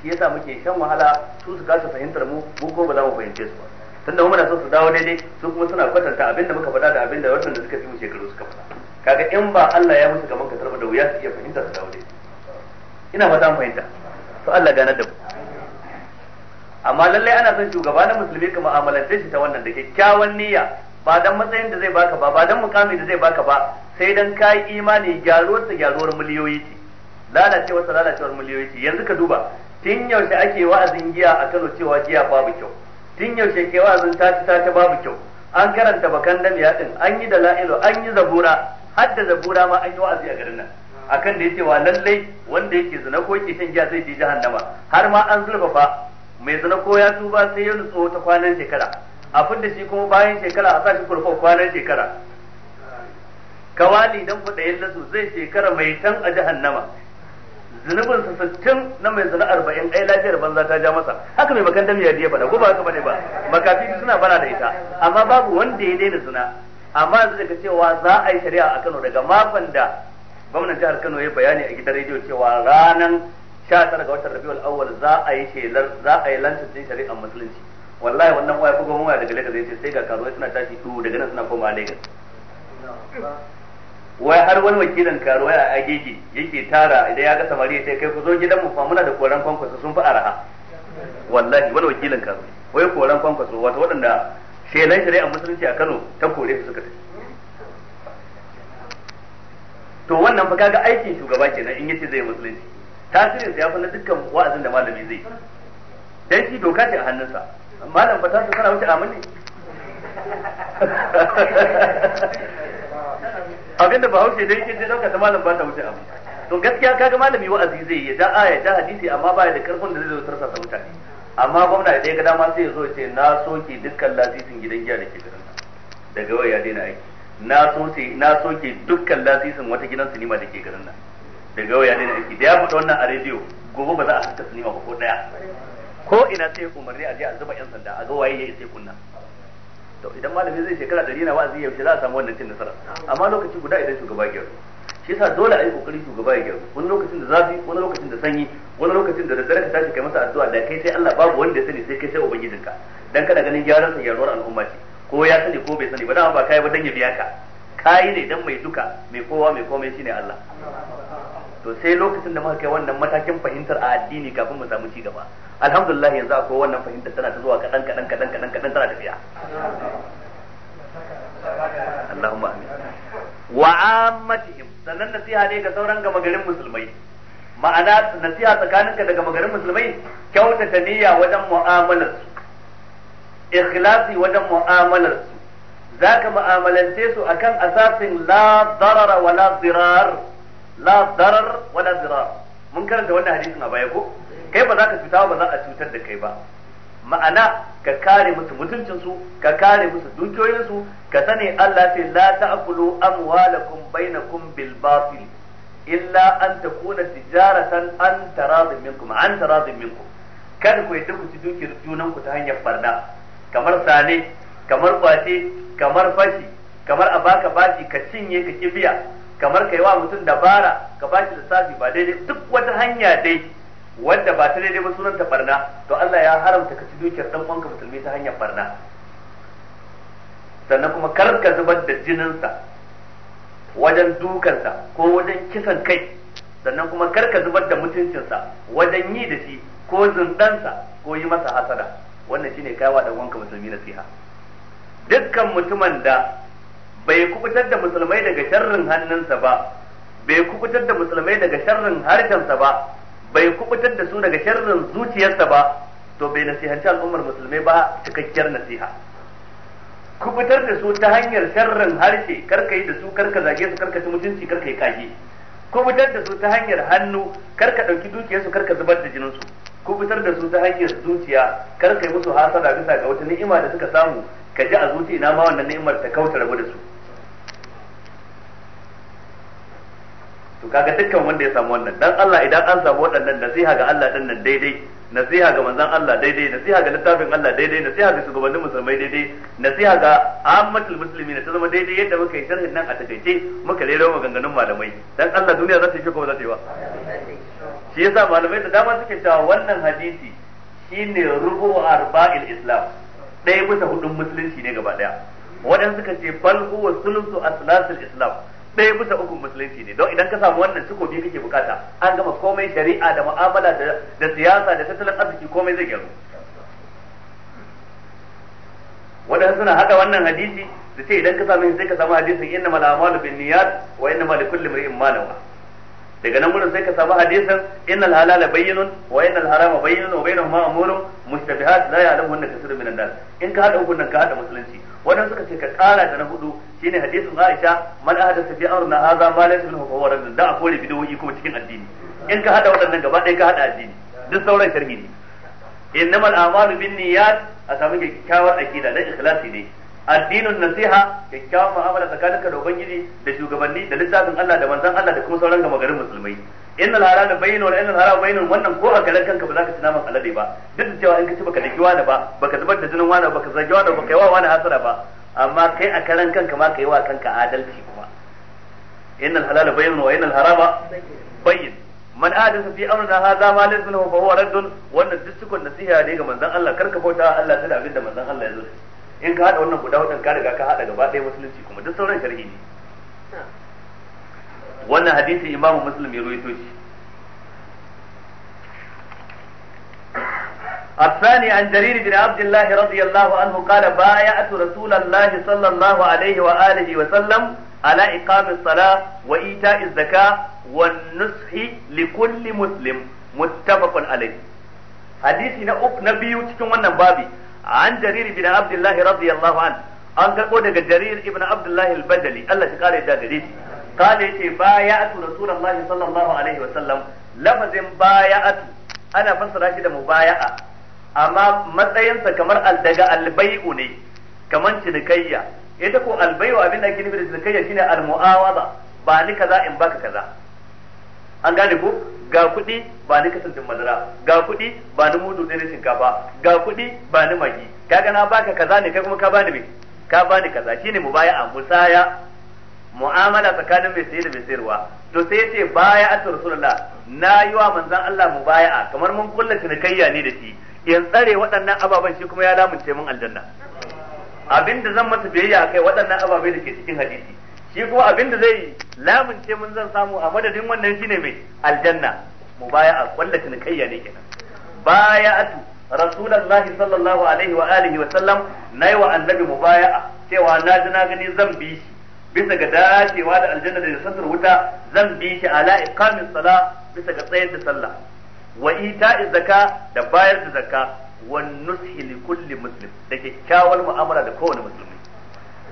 shi yasa muke shan wahala su su kasa fahimtar mu mu ko ba za mu fahimce su ba tunda muna so su dawo daidai su kuma suna kwatanta abinda muka faɗa da abinda wannan da suka fi mu shekaru suka faɗa kaga in ba Allah ya musu gaban ka tarba da wuya su iya fahimtar su dawo daidai ina ba zan fahimta to Allah ganar da amma lallai ana son shugaba na musulmi ka mu'amalance shi ta wannan da kyakkyawan niyya ba dan matsayin da zai baka ba ba dan mukami da zai baka ba sai dan kai imani gyaruwar ta gyaruwar miliyoyi ce lalacewar ta lalacewar miliyoyi ce yanzu ka duba tun yaushe ake wa'azin giya a Kano cewa giya babu kyau tun yaushe ke wa'azin tace tace babu kyau an karanta bakan dam yaɗin. an yi da la'ilo, an yi zabura har da zabura ma an yi wa'azi a garin nan akan da ya cewa lallai wanda yake zina ko yake shan giya zai je jahannama har ma an zurfafa mai zina ko ya tuba sai ya nutso ta kwanan shekara abin da shi kuma bayan shekara a sashi kurfa kwanan shekara kawali dan yalla su zai shekara mai tan a jahannama zunubin sa sittin na mai zina arba'in ai lafiyar banza ta ja masa haka mai bakan damiya ya diya bada ba haka bane ba makafi suna bana da ita amma babu wanda ya daina zina amma zai daga cewa za a yi shari'a a Kano daga mafan da gwamnan jihar Kano ya bayani a gidan rediyo cewa ranan 19 ga watan Rabiul Awwal za a yi shelar za a yi lantin din shari'ar musulunci wallahi wannan waya ko gwamnati waya daga Lagos ce sai ga karuwa suna tashi to daga nan suna koma Lagos wai har wani wakilin karuwa a agege yake tara idan ya ga samari sai kai ku zo gidan mu fa muna da koran kwankwasa sun fi araha wallahi wani wakilin karo wai koran kwankwasa wato waɗanda shelan shari'ar musulunci a Kano ta kore su suka tafi to wannan fa kaga aikin shugaba kenan in yace zai musulunci tasirin sa ya fa na dukkan wa'azin da malami zai dan shi doka ce a hannunsa malam fa tasirin kana wuce amin ne Abin ba hauce dai kin dauka ta malam ba ta wuce amin to gaskiya kaga malami wa'azi zai ya da aya da hadisi amma ba ya da karfin da zai zo tarsa mutane amma gwamna da ya ga dama sai ya zo ya ce na soke dukkan lasisin gidan giya da ke garin daga waya ya daina aiki na so ce na dukkan lasisin wata gidan sinima da ke garin nan daga waya ne aiki da ya fita wannan a rediyo gobe ba za a haska sinima ba ko daya ko ina sai ya umarni a je a zuba yan sanda a ga waye ya isa kunna to idan malami zai shekara ɗari na wa'azi yaushe za a samu wannan cin nasara amma lokaci guda idan shugaba ya gyaru shi yasa dole a yi kokari shugaba ya gyaru wani lokacin da zafi wani lokacin da sanyi wani lokacin da daddare ka tashi kai masa addu'a da kai sai Allah babu wanda ya sani sai kai sai ubangijinka dan kana ganin gyaran sa gyaruwar al'umma ce ko ya sani ko bai sani ba dama ba kai ba dan ya biya ka kai ne dan mai duka mai kowa mai komai shine Allah to sai lokacin da muka kai wannan matakin fahimtar a addini kafin mu samu ci gaba alhamdulillah yanzu akwai wannan fahimtar tana ta zuwa kadan kadan kadan kadan kadan tana tafiya Allahumma amin wa ammatihim sannan nasiha ne ga sauran gama garin musulmai ma'ana nasiha tsakaninka daga magarin musulmai kyautata niyya wajen mu'amalar su ikhlasi wajen mu'amalar su zaka mu'amalance su akan asasin la darara wala dirar la darar wala dirar mun karanta wannan hadisin a baya ko kai ba za ka cuta ba za a cutar da kai ba ma'ana ka kare musu mutuncinsu ka kare musu dukiyoyinsu ka sani Allah sai la ta'kulu amwalakum bainakum bil batil illa an takuna tijaratan an taradin minkum an taradin minkum kada ku yadda ku dukiyar junan ta hanyar barna kamar sane kamar kwace kamar fashi kamar a baka bashi ka cinye ka kibiya kamar kai wa mutum dabara ka da lissafi ba daidai duk wata hanya dai wanda ba ta daidai ba sunan ta barna to Allah ya haramta ka ci dukiyar dan uwanka musulmi ta hanyar barna sannan kuma kar ka zubar da jininsa wajen dukansa ko wajen kisan kai sannan kuma kar ka zubar da mutuncinsa wajen yi da shi ko zundansa ko yi masa hasada wannan shine kai wa dan wanka musulmi nasiha dukkan mutumin da bai kubutar da musulmai daga sharrin hannunsa ba bai kubutar da musulmai daga sharrin harshensa ba bai kubutar da su daga sharrin zuciyarsa ba to bai nasihanci al'ummar musulmai ba cikakkiyar nasiha kubutar da su ta hanyar sharrin harshe karka yi da su karka zage su karka ci mutunci karka yi kage kubutar da su ta hanyar hannu karka ɗauki dukiyarsu karka zubar da jininsu fitar da su ta hanyar zuciya kar kai musu hasada bisa ga wata ni'ima da suka samu ka ji a zuci ina ma wannan ni'imar ta kauta rabu da su to kaga dukkan wanda ya samu wannan dan Allah idan an samu waɗannan nasiha ga Allah din nan daidai nasiha ga manzon Allah daidai nasiha ga littafin Allah daidai nasiha ga shugabannin musulmai daidai nasiha ga ammatul muslimi ta zama daidai yadda muka yi sharhin nan a takaice muka rero maganganun malamai dan Allah duniya za ta yi ko ba za ta yi ba shi yasa malamai da dama suke cewa wannan hadisi shine rubu arba'il islam ɗaya bisa hudun musulunci ne gaba daya. waɗanda suka ce bal huwa sulusu aslasul islam ɗaya bisa uku musulunci ne don idan ka samu wannan ciko biyu kake bukata an gama komai shari'a da mu'amala da siyasa da tattalin arziki komai zai gyaru waɗansu suna haka wannan hadisi da ce idan ka sami sai ka samu hadisin inna mal a'malu bin niyyat wa inna mal kulli imrin ma nawa daga nan gurin sai ka samu hadisin innal halala bayyinun wa innal harama bayyinun wa bainahuma umurun mustabihat la ya'lamuhunna kathirun minan nas in ka hada hukunan ka hada musulunci wannan suka ce ka kara da na hudu shine hadisin Aisha man ahdatha fi amrina hadha ma laysa minhu fa huwa raddun da akwai bidoyi kuma cikin addini in ka hada waɗannan gaba ɗaya ka hada addini duk sauran sharhi ne innamal a'malu binniyat a samu kyakkyawar aqida da ikhlasi ne addinin nasiha kyakkyawan mu'amala tsakaninka da ubangiji da shugabanni da littafin Allah da manzon Allah da kuma sauran gama garin musulmai innal harama bayyinu wa innal harama bayyinu wannan ko a garin kanka ba za ka ci naman alade ba duk da cewa in ka ci baka daki wani ba baka zubar da jinin wani ba baka zagi wani baka yi wa wani hasara ba amma kai a karan kanka ma ka yi wa kanka adalci kuma innal halala bayyinu wa innal harama bayyin man ahdasa fi amrina hadha ma laysa lahu fa huwa raddun wannan duk sukun nasiha ne ga manzon Allah karka bauta Allah sai da abin da manzon Allah ya zo in ka hada wannan guda hudun ka riga ka hada gaba ɗaya musulunci kuma duk sauran sharhi ne wannan hadisin imam muslim ya ruwaito shi الثاني عن جرير بن عبد الله رضي الله عنه قال بايعت رسول الله صلى الله عليه وآله وسلم على إقام الصلاة وإيتاء الزكاة والنصح لكل مسلم متفق عليه حديث cikin wannan babi. an jariri bin abdullah radiyallahu an an karbo daga jarir ibn Abdullahi al-badali Allah ya kare da gare shi kana yace bayatu rasulullahi sallallahu alaihi wa sallam lafazin bayatu ana fassara shi da mubaya'a amma matsayinsa kamar daga albay'u ne kamar cinikayya ita ko albayu abin da ake da cinikayya shine almu'awada ba ni kaza in baka kaza an gane ku? ga kuɗi ba ni kasan madara ga kuɗi ba ni mudu ɗin shinkafa ga kuɗi ba ni magi kaga na baka kaza ne kai kuma ka bani me ka bani kaza shine mubaya'a musaya mu'amala tsakanin mai sayi da mai sayarwa to sai yace baya a rasulullah na yi wa manzon Allah mu baya kamar mun kulla cinikayya ne da shi Yan tsare waɗannan ababen shi kuma ya lamunce mun aljanna abinda zan masa biyayya kai waɗannan ababen da ke cikin hadisi shi kuma abin da zai lamunce mun zan samu a madadin wannan shine mai aljanna mu baya a kwalla tinkayya ne kenan baya atu sallallahu alaihi wa alihi wa sallam nayi wa annabi mubaya'a cewa na ji na gani zan bi shi bisa ga dacewa da aljanna da nisantar wuta zan bi shi ala iqamin sala bisa ga tsayar da sallah wa ita'i zakka da bayar da zakka wa nushi li kulli muslim da kyakkyawar mu'amala da kowane musulmi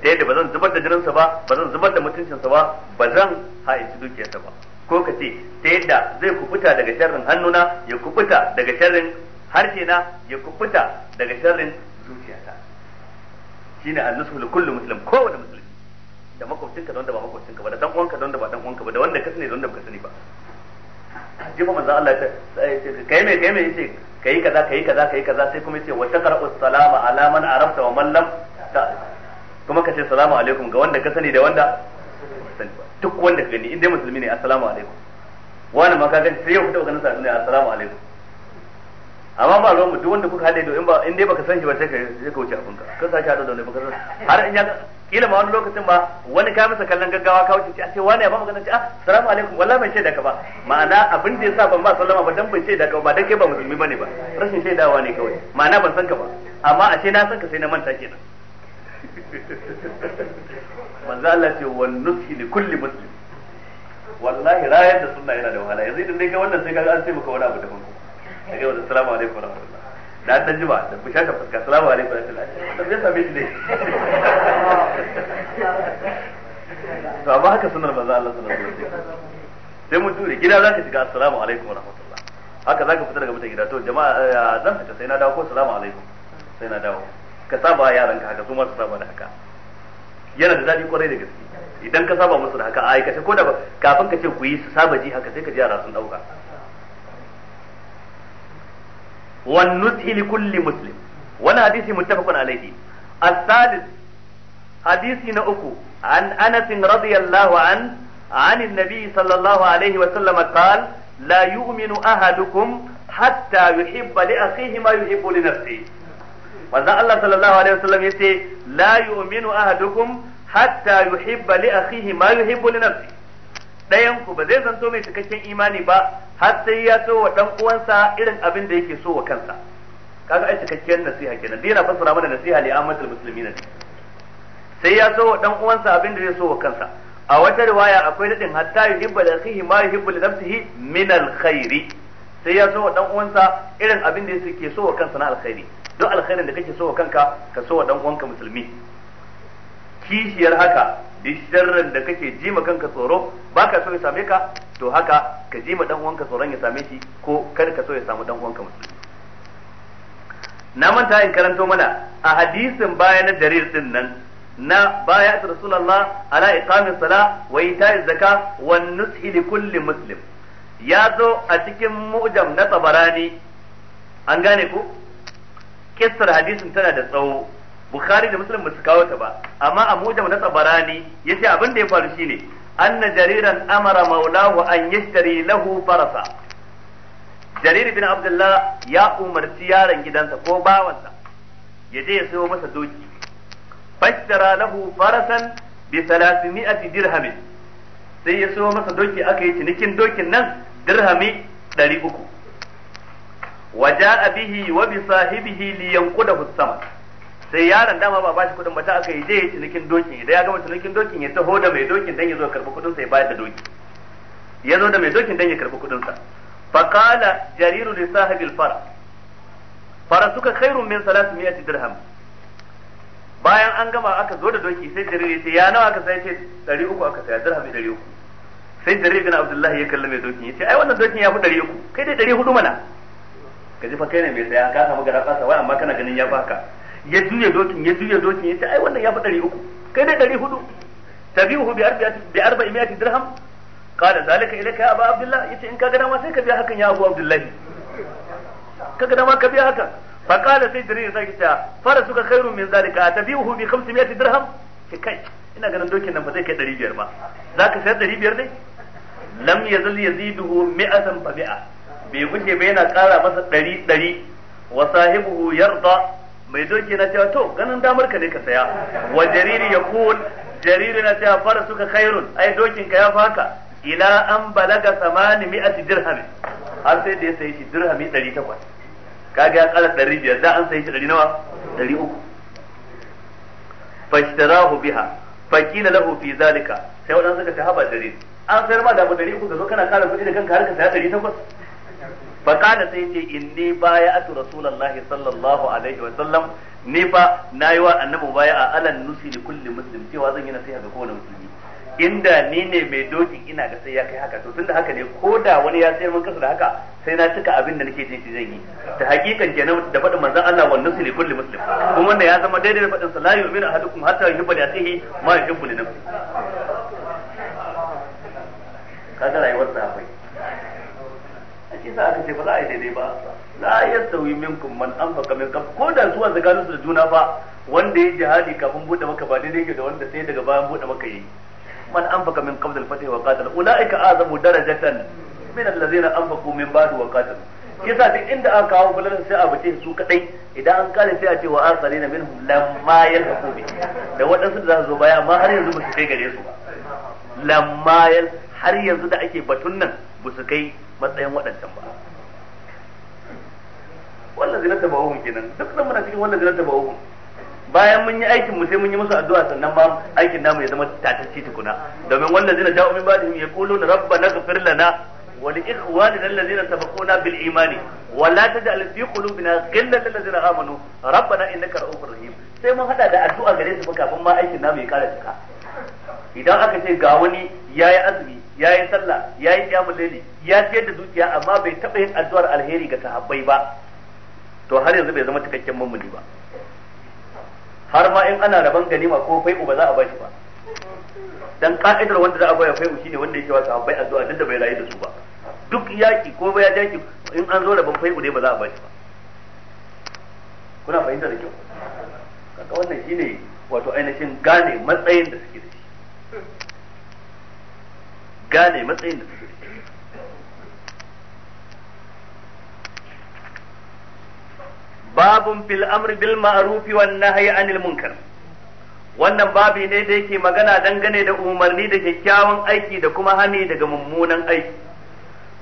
da yadda ba zan zubar da jininsa ba ba zan zubar da mutuncinsa ba ba zan haici dukiyarsa ba ko ka ce ta yadda zai kubuta daga sharrin hannuna ya kubuta daga sharrin harshe na ya kubuta daga sharrin zuciyata shine annasu li kullu muslim kowane musulmi da makwabcinka da wanda ba makwabcinka ba da dan uwanka da wanda ba dan uwanka ba da wanda ka sani da wanda ka sani ba jima manzo Allah ta kai me kai me yace kai kaza kai kaza kai kaza sai kuma yace wa taqra'us salama ala man arafta wa man lam ta'rif kuma ka ce salamu alaikum ga wanda ka sani da wanda duk wanda ka gani inda musulmi ne assalamu alaikum wani ma ka gani sai yau ka ganin sa ne assalamu alaikum amma ba ruwan mu duk wanda kuka haɗe in ba in dai baka san shi ba sai ka sai ka wuce abinka ka shi hada da wani baka san har in ya kila ma wani lokacin ba wani ka masa kallon gaggawa ka wuce a ah, ce wani ya ba magana ce ah assalamu alaikum wallahi ban shaida ka ba ma'ana abin da yasa ban ba sallama ba dan ban shaida ka ba dan kai ba musulmi bane ba rashin shaidawa ne kawai ma'ana ban san ka ba amma ashe na san ka sai na manta kenan manzo Allah ce wan nufi li kulli muslim wallahi rayar da sunna yana da wahala yanzu idan dai ga wannan sai kaga an sai maka wani abu daban da ga wannan salamu alaikum wa rahmatullah da an dan jima da bishaka fuska salamu alaikum wa rahmatullah wannan bai same shi ne to amma haka sunnar manzo Allah sallallahu alaihi wasallam sai mutum ne gida zaka shiga assalamu alaikum wa rahmatullah haka zaka fita daga mutum gida to jama'a eh, zan fita sai na dawo ko assalamu alaikum sai na dawo ka saba yaran ka haka su ma su saba da haka yana da daɗi kwarai da gaske idan ka saba musu da haka a aikace ko da kafin ka ce ku yi su saba ji haka sai ka ji yara sun dauka wan nushi li kulli muslim wani hadisi muttafaqun alaihi as-sadis hadisi na uku an Anas radiyallahu an عن النبي صلى الله عليه وسلم قال لا يؤمن أحدكم حتى يحب لأخيه ما يحب لنفسه manzon Allah sallallahu alaihi wasallam ya yace la yu'minu ahadukum hatta yuhibba li akhihi ma yuhibbu li nafsihi dayan ku ba zai zanto mai cikakken imani ba har sai ya so wa dan uwansa irin abin da yake so wa kansa kaga ai cikakken nasiha kenan dai yana fassara mana nasiha li ammatul muslimina sai ya so wa dan uwansa abin da zai so wa kansa a wata riwaya akwai dadin hatta yuhibba li akhihi ma yuhibbu li nafsihi min al khairi sai ya so wa dan uwansa irin abin da yake so wa kansa na alkhairi duk alkhairin da kake so wa kanka ka so wa dan uwanka musulmi kishiyar haka duk sharrin da kake ji ma kanka tsoro baka so ya same ka to haka ka ji ma dan uwanka tsoron ya same shi ko kar ka so ya samu dan uwanka musulmi na manta in karanto mana a hadisin baya na jarir din nan na baya ta rasulullah ala iqamis sala wa ita'iz zaka wa nushi li kulli muslim ya zo a cikin mu'jam na tabarani an gane ku kissar hadisin tana da tsawo bukhari da muslim basu kawo ta ba amma a mujam na tsabarani yace abin da ya faru shine anna jariran amara maulahu an yashtari lahu farasa jarir bin abdullah ya umarci yaron gidansa ko bawansa ya je ya sayo masa doki fashtara lahu farasan bi 300 dirhamin sai ya sayo masa doki aka yi cinikin dokin nan dirhami 300 wa a bihi wa bi sahibihi li yanqudahu sama sai yaron dama ba bashi kudin ba ta aka yi je cinikin dokin idan ya gama cinikin dokin ya taho da mai dokin dan ya zo karbi kudin sa ya bayar da doki ya zo da mai dokin dan ya karbi kudin sa fa qala jariru li sahibil far fara suka khairun min 300 dirham bayan an gama aka zo da doki sai jariri sai ya nawa aka sai ce 300 aka saya dirham 300 sai jariri bin abdullahi ya kalli mai dokin ya ce ai wannan dokin ya fi 300 kai dai 400 mana ka ji fa kai ne mai saya ka samu gara kasa wai amma kana ganin ya baka ya juya dokin ya juya dokin ya ce ai wannan ya fi ɗari uku kai dai ɗari hudu tabi'uhu bi arba'ati bi arba'i mi'ati dirham qala zalika ilayka ya abu abdullah yace in ka ga dama sai ka biya hakan ya abu abdullah ka ga dama ka biya hakan fa qala sai dirin sai ta fara suka khairu min zalika tabi'uhu bi 500 dirham ce kai ina ganin dokin nan ba zai kai 500 ba zaka sayar 500 ne lam yazal yaziduhu 100 ba bai gushe ba yana ƙara masa ɗari ɗari wa sahibu yarda mai doki na cewa to ganin damar ka ne ka saya wa jariri ya kun jariri na cewa fara suka kairun. ai dokin ka ya faka ila an balaga samani mi'ati dirhami har sai da ya sayi shi dirhami ɗari takwas kaga ya ƙara ɗari biyar da an sayi shi ɗari nawa ɗari uku fashtarahu biha fakila lahu fi zalika sai waɗansu suka ta haba jariri an sayar ma da abu ɗari uku ka zo kana ƙara kuɗi da kanka har ka saya ɗari takwas فقال sai ce inni bay'atu rasulullahi sallallahu alaihi wa sallam ni fa nayi wa annabi bai'a alan nusi li kulli muslim cewa zan yi nasiha ga kowane musulmi inda ni ne mai dokin ina ga sai ya kai haka to tunda haka ne ko da wani ya sayar min kasa da haka sai na cika abin da nake jin shi zan yi ta hakikan kenan da faɗin manzon Allah wannan su ne kulli muslim kuma wanda ya zama daidai da faɗin sa la yu'minu ahadukum hatta yuhibba li akhihi ma yuhibbu li nafsihi kaga rayuwar sahabbai kisa aka ce ba za a yi daidai ba la yastawi minkum man anfaqa min qabl ko da zuwa zakarin su da juna ba wanda ya jihadi kafin bude maka ba daidai yake da wanda sai daga bayan bude maka yi man anfaqa min qabl al-fath wa qatala ulaika azamu darajatan min allazina anfaqu min ba'd wa qatala yasa duk inda aka kawo bulalan sai a bace su kadai idan an kare sai a ce wa asarina minhum lamma yalhaqu bi da waɗansu da za su zo baya amma har yanzu ba su kai gare su ba lamma har yanzu da ake batun nan ba su kai matsayin waɗancan ba wannan zinar ta bawahun kenan duk nan muna cikin wannan zinar ta bawahun bayan mun yi aikin mu sai mun yi musu addu'a sannan ma aikin namu ya zama tatacce tukuna domin wannan zina ja'u min ba'dihim yaquluna rabbana ighfir lana wa li ikhwanina alladhina sabaquna bil imani wa la taj'al fi qulubina ghillan lil ladzina amanu rabbana innaka ra'ufur rahim sai mun hada da addu'a gare su kafin ma aikin namu ya kara cika idan aka ce ga wani yayi azumi ya yi sallah ya yi kiyamul laili ya ciyar da dukiya amma bai taɓa yin addu'ar alheri ga sahabbai ba to har yanzu bai zama cikakken mummuni ba har ma in ana rabon ganima ko fai'u ba za a bashi ba dan ka'idar wanda za a baya fai'u shine wanda yake wa sahabbai addu'a duk da bai rayu da su ba duk yaki ko bai yaki in an zo rabon fai'u ne ba za a bashi ba kuna fahimta da kyau kaga wannan shine wato ainihin gane matsayin da suke da shi gane matsayin da suke babun fil amri bil ma'ruf wan nahyi anil munkar wannan babi ne da yake magana dangane da umarni da kyakkyawan aiki da kuma hani daga mummunan aiki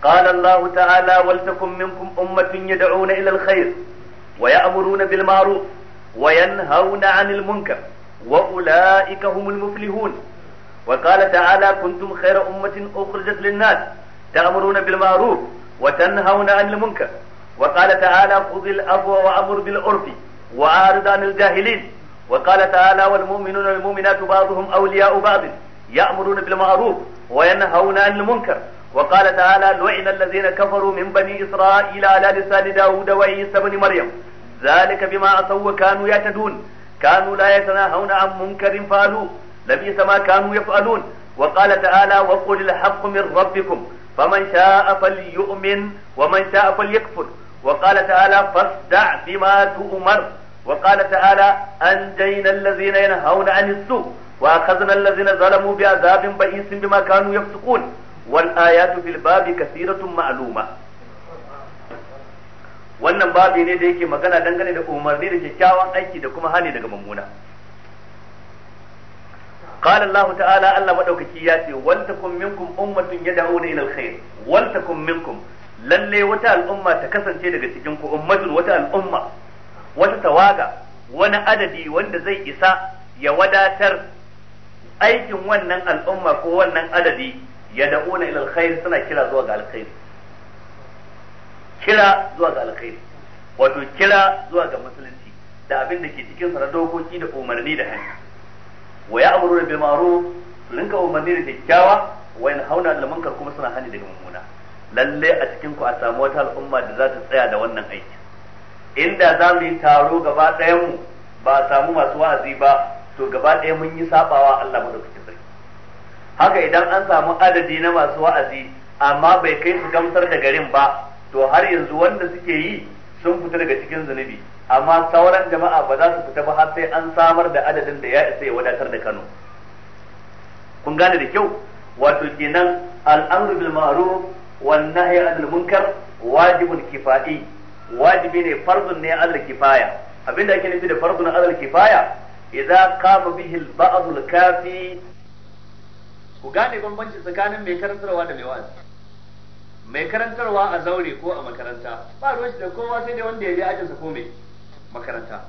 قال الله تعالى ولتكن منكم أمة يدعون إلى الخير ويأمرون بالمعروف وينهون عن المنكر وأولئك هم المفلحون وقال تعالى كنتم خير أمة أخرجت للناس تأمرون بالمعروف وتنهون عن المنكر وقال تعالى خذ العفو وأمر بالعرف وأعرض عن الجاهلين وقال تعالى والمؤمنون والمؤمنات بعضهم أولياء بعض يأمرون بالمعروف وينهون عن المنكر وقال تعالى لعن الذين كفروا من بني إسرائيل على لسان داود وعيسى بن مريم ذلك بما عصوا وكانوا يعتدون كانوا لا يتناهون عن منكر فعلوه لبئس ما كانوا يفعلون وقال تعالى وقل الحق من ربكم فمن شاء فليؤمن ومن شاء فليكفر وقال تعالى فاصدع بما تؤمر وقال تعالى أنجينا الذين ينهون عن السوء وأخذنا الذين ظلموا بعذاب بئيس بما كانوا يفسقون والآيات في الباب كثيرة معلومة wannan babi ne da yake magana dangane da umarni da kyakkyawan aiki da kuma hani daga mummuna قال الله ta'ala Allah madaukaki ya ce wal takum minkum ummatun yad'una ila alkhair wal takum minkum lalle wata al'umma ta kasance daga cikin ku ummatun wata al'umma wata tawaga wani adadi wanda zai isa ya wadatar aikin wannan al'umma ko wannan adadi ya da'una ila alkhair suna kira zuwa ga alkhair kira zuwa ga wato kira zuwa ga musulunci da abin da ke cikin sa na dokoki da umarni da hanya wa ya'muruna bil bimaru su rinka umarni da kyakkyawa wa yanhauna da munkar kuma suna hani daga mummuna lalle a cikin ku a samu wata al'umma da za ta tsaya da wannan aiki inda za mu yi taro gaba ɗayan mu ba a samu masu wa'azi ba to gaba ɗaya mun yi sabawa Allah dauki sai haka idan an samu adadi na masu wa'azi amma bai kai su gamsar da garin ba to har yanzu wanda suke yi sun fita daga cikin zunubi amma sauran jama'a ba za su fita ba har sai an samar da adadin da ya isa ya wadatar da Kano kun gane da kyau wato kenan al'amru bil ma'ruf wan nahyi anil munkar wajibun kifai wajibi ne farzun ne alal kifaya abinda ake nufi da farzun alal kifaya idza qama bihi al ba'd al kafi ku gane bambanci tsakanin mai karantarwa da mai wa'azi mai karantarwa a zaure ko a makaranta ba ruwa shi da kowa sai dai wanda ya je ajinsa ko mai makaranta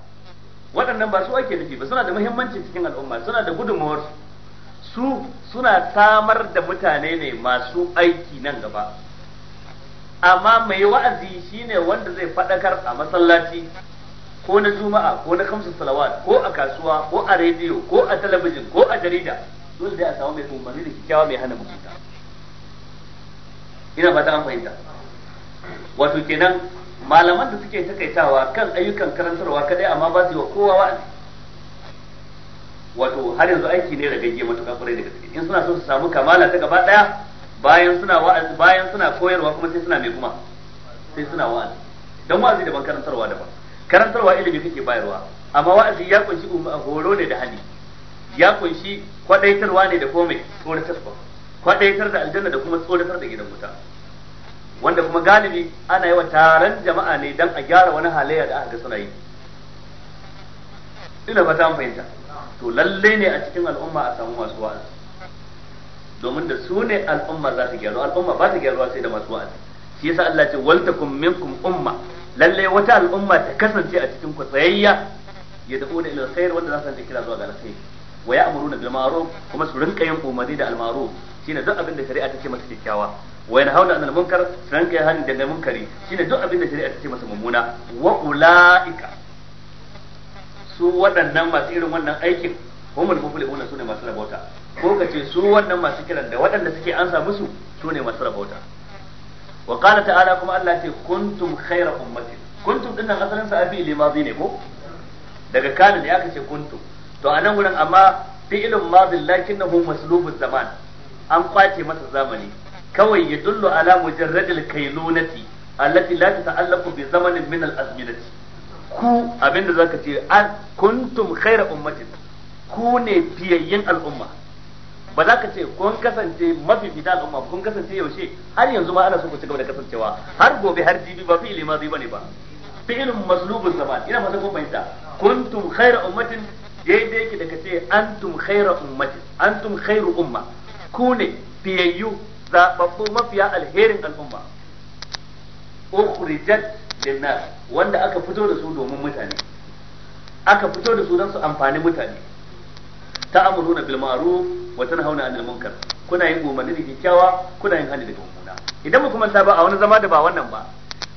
waɗannan ba su ake nufi ba suna da muhimmanci cikin al'umma suna da gudunmawar su suna samar da mutane ne masu aiki nan gaba amma mai wa'azi shine wanda zai faɗakar a masallaci ko na juma'a ko na kamsu salawat ko a kasuwa ko a rediyo ko a talabijin ko a jarida dole dai a samu mai umarni da kyakkyawa mai hana mutunta ina ba an fahimta wato kenan malaman da suke takaitawa kan ayyukan karantarwa kadai amma ba su yi wa kowa wa'azi wato har yanzu aiki ne da ragagge matuƙa kwarai da gaske in suna so su samu kamala ta gaba ɗaya bayan suna wa'azi bayan suna koyarwa kuma sai suna mai kuma sai suna wa'azi dan wa'azi daban karantarwa daban karantarwa ilimi kake bayarwa amma wa'azi ya kunshi um, horo ne da hali ya kunshi kwadaitarwa ne da komai tsoratarwa kwadaitar da aljanna da kuma tsoratar da gidan wuta wanda kuma galibi ana yawan taron jama'a ne don a gyara wani halayya da aka ga suna yi ina ba ta fahimta to lalle ne a cikin al'umma a samu masu wa'azi domin da su ne al'umma za ta gyaru al'umma ba ta gyaruwa sai da masu wa'azi shi yasa Allah ce wal takum minkum umma lalle wata al'umma ta kasance a cikin ku tsayayya ya dafo da ilal khair wanda za su kira zuwa ga alkhair wa ya'muruna bil ma'ruf kuma su rinka yin umari da al ma'ruf shine duk abin da shari'a ta ce masa kyakkyawa wa hauna annal munkar kai hani daga munkari shine duk abin da shari'a ta ce masa mummuna wa ulaika su waɗannan masu irin wannan aikin humul su sune masu rabauta ko ka ce su wannan masu kiran da waɗanda suke ansa musu sune masu rabauta wa qala ta'ala kuma Allah ce kuntum khayra ummatin kuntum dinnan asalin sa abi limazi ne ko daga kana da aka ce kuntum to a nan wurin amma fi'ilun madin lakinnahu maslubuz zaman an kwace masa zamani kawai ya dullo ala mujarradil kailunati allati la tata'allaqu bi zamanin min al-azminati ku abinda zaka ce an kuntum khayra ummatin ku ne fiyayyin al'umma ba za ka ce kun kasance mafi fita al'umma kun kasance yaushe har yanzu ma ana so ku ci gaba da kasancewa har gobe har jibi ba fi ma zai bane ba fi'ilun maslubun zaman ina fata kun bayyana kuntum khayra ummatin daidai yake da ka ce antum khayra ummatin antum khayru umma ku ne fiyayyu zababbu mafiya alherin al'umma ukhrijat dinar wanda aka fito da su domin mutane aka fito da su don su amfani mutane Ta ta'amuruna bil ma'ruf wa tanhauna 'anil munkar kuna yin umarni da kyakkyawa kuna yin hali da mummuna idan mu kuma ba a wani zama da ba wannan ba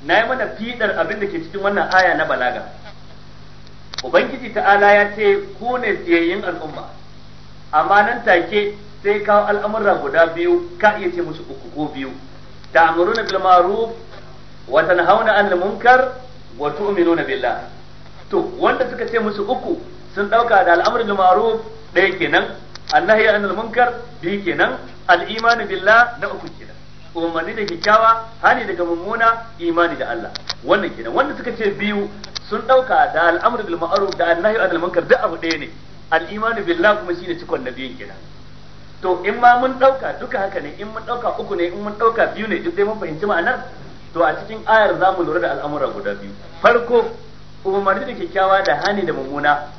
na yi mana fidar abin da ke cikin wannan aya na balaga ubangiji ta'ala ya ce ku ne tsiyayyin al'umma amma nan take sai kawo al'amurra guda biyu ka iya ce musu uku ko biyu ta'muruna bil ma'ruf hauna tanhauna 'anil munkar wa na billah to wanda suka ce musu uku sun dauka da al'amur bilmaru ɗaya kenan annahi an munkar biyu kenan al'imani iman billah na uku kenan umarni da kyakkyawa hani daga mummuna imani da Allah wannan kenan wanda suka ce biyu sun dauka da al'amur bil ma'ruf da annahi 'anil munkar duk abu ɗaya ne Al'imani iman billah kuma shine cikon nabiyin kenan to in ma mun dauka duka haka ne in mun dauka uku ne in mun dauka biyu ne duk dai mun fahimci ma'anar to a cikin ayar za mu lura da al'amura guda biyu farko umarni da kyakkyawa da hani da mummuna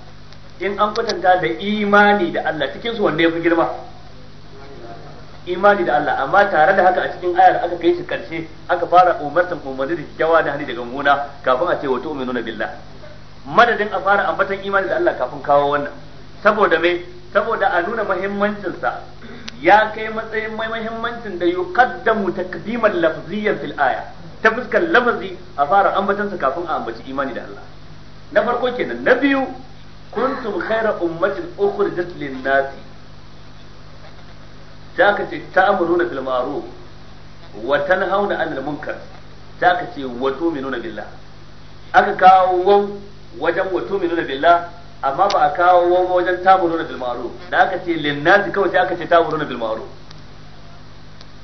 in an kwatanta da imani da Allah cikin su wanda ya fi girma imani da Allah amma tare da haka a cikin ayar aka kai shi karshe aka fara umartan umarni da kyakkyawa da hani daga mummuna kafin a ce wa tu'minuna billah madadin a fara ambatan imani da Allah kafin kawo wannan saboda me saboda a nuna muhimmancinsa ya kai matsayin mai muhimmancin da yuqaddamu takdiman lafziyyan fil aya ta fuskar lafazi a fara ambatansa kafin a ambaci imani da Allah na farko kenan na biyu kuntum khaira ummatin ukhrijat lin nas ta ka ce ta'muruna bil ma'ruf wa tanhauna 'anil munkar ta ka ce wa tu'minuna billah aka kawo wajen wa tu'minuna billah amma ba a kawo wawo wajen tamuruna na bilmaru da aka ce linnati kawai sai aka ce tamuruna na bilmaru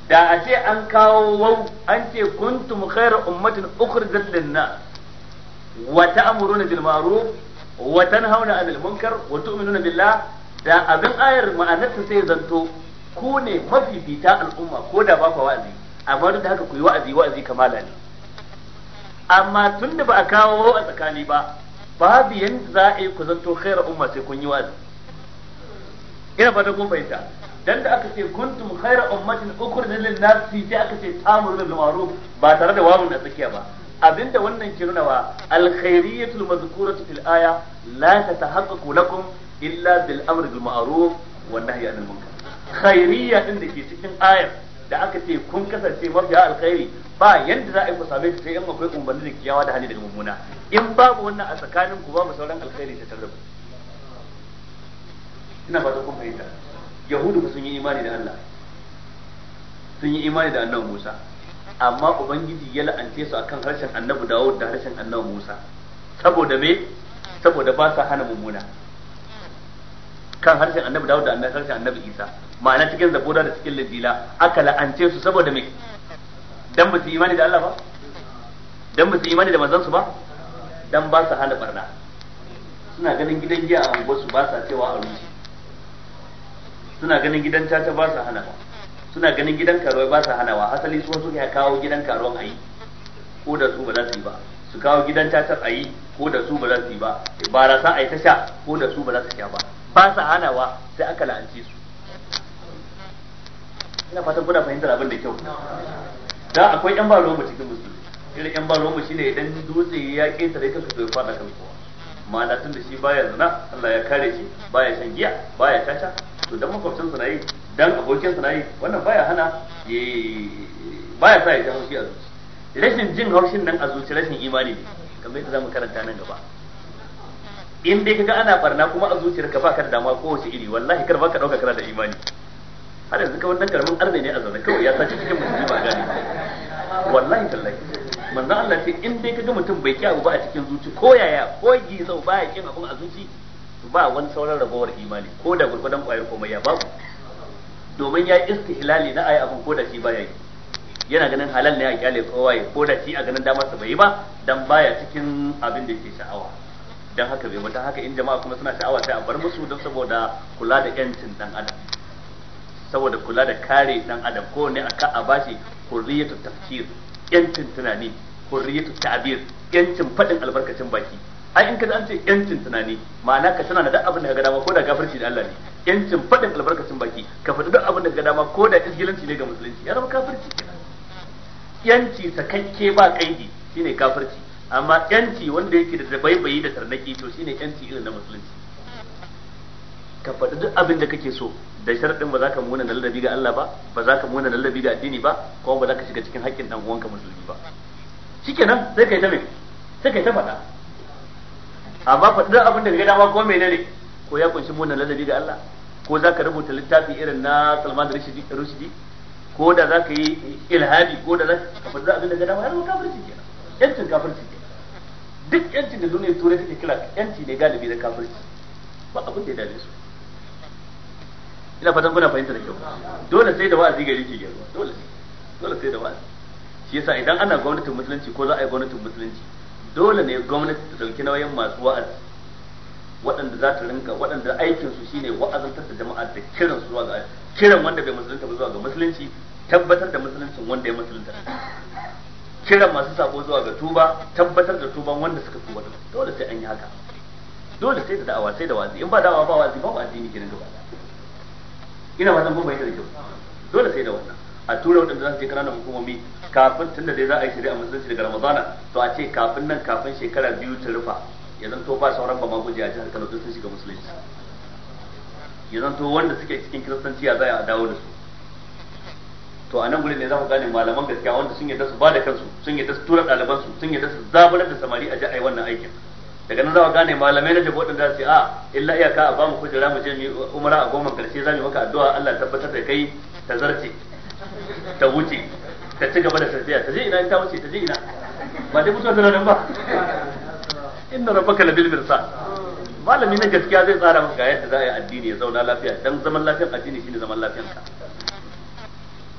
da a ce an kawo wau an ce kuntum khairu ummatin ukhrijat lin wa ta'muruna bil ma'ruf wa tanhauna 'anil munkar wa tu'minuna billah da abin ayar ma'anarta sai zanto ku ne mafifita al'umma ko da ba ku wa'azi amma duk da haka ku yi wa'azi wa'azi kamala ne amma tunda ba a kawo wau a tsakani ba babu yanda za a yi ku zanto khairu umma sai kun yi wa'azi ina fata kun fahimta dan da aka ce kuntum khairu ummatin ukhrijat lin nas sai aka ce ta'muru bil ma'ruf ba tare da wawun da tsakiya ba abinda wannan ke nuna wa alkhairiyatul mazkuratu fil aya la tatahaqqaqu lakum illa bil amri bil ma'ruf wa nahyi anil munkar khairiyya da ke cikin ayar da aka ce kun kasance mafiya alkhairi ba yanda za a yi ku same shi sai in akwai umarni da kiyawa da hali daga mummuna in babu wannan a tsakanin ku babu sauran alkhairi ta ku ina ba ta kun fahimta yahudu ba sun yi imani da Allah sun yi imani da annabi Musa amma ubangiji ya la'ance su akan harshen annabi Dawud da harshen annabi Musa saboda me saboda ba sa hana mummuna kan harshen annabi Dawud da harshen annabi Isa ma'ana cikin zabura da cikin lidila aka la'ance su saboda me dan ba su yi imani da Allah ba dan ba su yi imani da manzansu su ba dan ba su hana barna suna ganin gidan giya a unguwar su ba sa cewa a rushe suna ganin gidan caca ba sa hana ba suna ganin gidan karuwai ba sa hanawa asali su ya kawo gidan a yi, ko da su ba za su yi ba su kawo gidan cacar yi, ko da su ba za su yi ba barasa yi ta sha ko da su ba za su sha ba ba sa hanawa sai aka la'anci su ina fatan kuna fahimtar abin da kyau da akwai yan ba roma cikin musulmi irin yan ba roma shine idan dutse ya ketare kanka to ya fada kan kowa mana tun da shi baya zina Allah ya kare shi baya shan giya baya tata to dan makwabcin sa nayi dan abokin sa nayi wannan baya hana baya sa ya ji haushi a zuci rashin jin haushin nan a zuci rashin imani ne kamar yadda zamu karanta nan gaba in dai kaga ana barna kuma a zuciyarka ba ka da dama kowace iri wallahi kar ba ka dauka kana da imani har yanzu ka wannan karamin arne ne a zaune kawai ya sace cikin musulmi ba gani wallahi tallahi manzo Allah ce in dai kaga mutum bai kiyaye ba a cikin zuci ko yaya ko gizau ba ya kin abun a zuci ba wani sauran rabuwar imani ko da gurgudan kwayar komai ya babu domin ya istihlali na ayi abun ko da shi baya yi yana ganin halal ne a kyale kowa ko da shi a ganin damar sa bai yi ba dan baya cikin abin da yake sha'awa dan haka bai mutan haka in jama'a kuma suna sha'awa sai a bar musu don saboda kula da yancin dan adam saboda kula da kare dan adam ko ne aka a bashi hurriyatu tafsir yancin tunani hurriyatu ta'bir yancin fadin albarkacin baki ai in ka an ce yancin tunani ma'ana ka tana da abin da ka ga dama ko da gafarci da Allah ne yancin fadin albarkacin baki ka faɗi duk abin da ka ga dama ko da isgilanci ne ga musulunci ya zama kafirci yanci sakakke ba kaidi shine kafirci amma yanci wanda yake da dabaibayi da tarnaki to shine yanci irin na musulunci ka faɗi duk abin da kake so da sharadin ba za ka muna ladabi ga Allah ba ba za ka muna ladabi ga addini ba ko ba za ka shiga cikin haƙƙin dan uwanka musulmi ba shikenan sai kai ta me sai kai ta faɗa amma faɗin abin da ga ma ko menene ko ya kunshi muna ladabi ga Allah ko za ka rubuta littafi irin na Salman Rushdie ko da za ka yi ilhadi ko da za ka faɗi abin da ga dama ya zama kafirci kenan yancin kafirci kenan duk yancin da duniya turai take kira yanci ne galibi da kafirci ba abin da ya dace su ina fatan kuna fahimta da kyau dole sai da wa'azi gari ke gyaruwa dole dole sai da wa'azi shi yasa idan ana gwamnatin musulunci ko za a yi gwamnatin musulunci dole ne gwamnati ta dauki nauyin masu wa'azi waɗanda za ta rinka waɗanda aikin su shine wa'azantar da jama'a da kiran su zuwa ga kiran wanda bai musulunta ba zuwa ga musulunci tabbatar da musuluncin wanda ya musulunta kiran masu sako zuwa ga tuba tabbatar da tuban wanda suka tuba dole sai an yi haka dole sai da da'awa sai da wa'azi. in ba da'awa ba wa'azi, ba wa'azi ne kiran gaba ina ba zan kuma yi da kyau dole sai da wannan a tura wadanda za su je kananan hukumomi kafin da dai za a yi shari'a musulunci daga ramadana to a ce kafin nan kafin shekara biyu ta rufa ya zanto ba sauran ba maguji a jihar kano duk sun shiga musulunci ya zanto wanda suke cikin kiristanci ya za a dawo da su to a nan gurin ne za ku gane malaman gaskiya wanda sun yadda su ba da kansu sun yadda su tura ɗalibansu sun yadda su zaburar da samari a ji a yi wannan aikin daga nan za gane malamai na tafi waɗanda su a ah, illa iyaka a bamu kujera mu je mu umara a goma karshe za mu maka addu'a Allah tabbatar da kai ta zarce ta wuce ta ci gaba da tafiya ta je ina ta wuce ta je ina ba dai mutuwa tana nan ba inna rabbaka labil mirsa malami na gaskiya zai tsara maka yadda za a yi addini ya zauna lafiya dan zaman lafiyar addini shine zaman lafiyar ka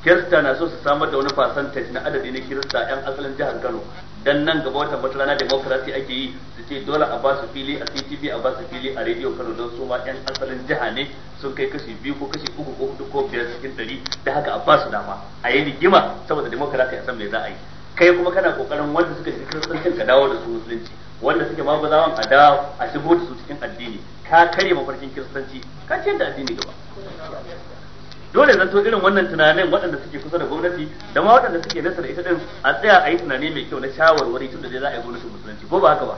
kirista na so su samar da wani percentage na adadi na kirista yan asalin jihar Kano dan nan gaba wata wata rana democracy ake yi su ce dole a ba su fili a tv a ba fili a radio Kano don su ma yan asalin jiha ne sun kai kashi biyu ko kashi uku ko hudu ko biyar cikin dari da haka a ba dama a yi rigima saboda democracy a san me za a yi kai kuma kana kokarin wanda suka shiga kiristancin ka dawo da su musulunci wanda suke ma ba zaman a dawo a shigo da su cikin addini ka karya mafarkin kiristanci ka ce da addini gaba dole zan to irin wannan tunanin waɗanda suke kusa da gwamnati da ma waɗanda suke nesa da ita din a tsaya a yi tunani mai kyau na shawarwari tun da zai za a yi gwamnatin musulunci ko ba haka ba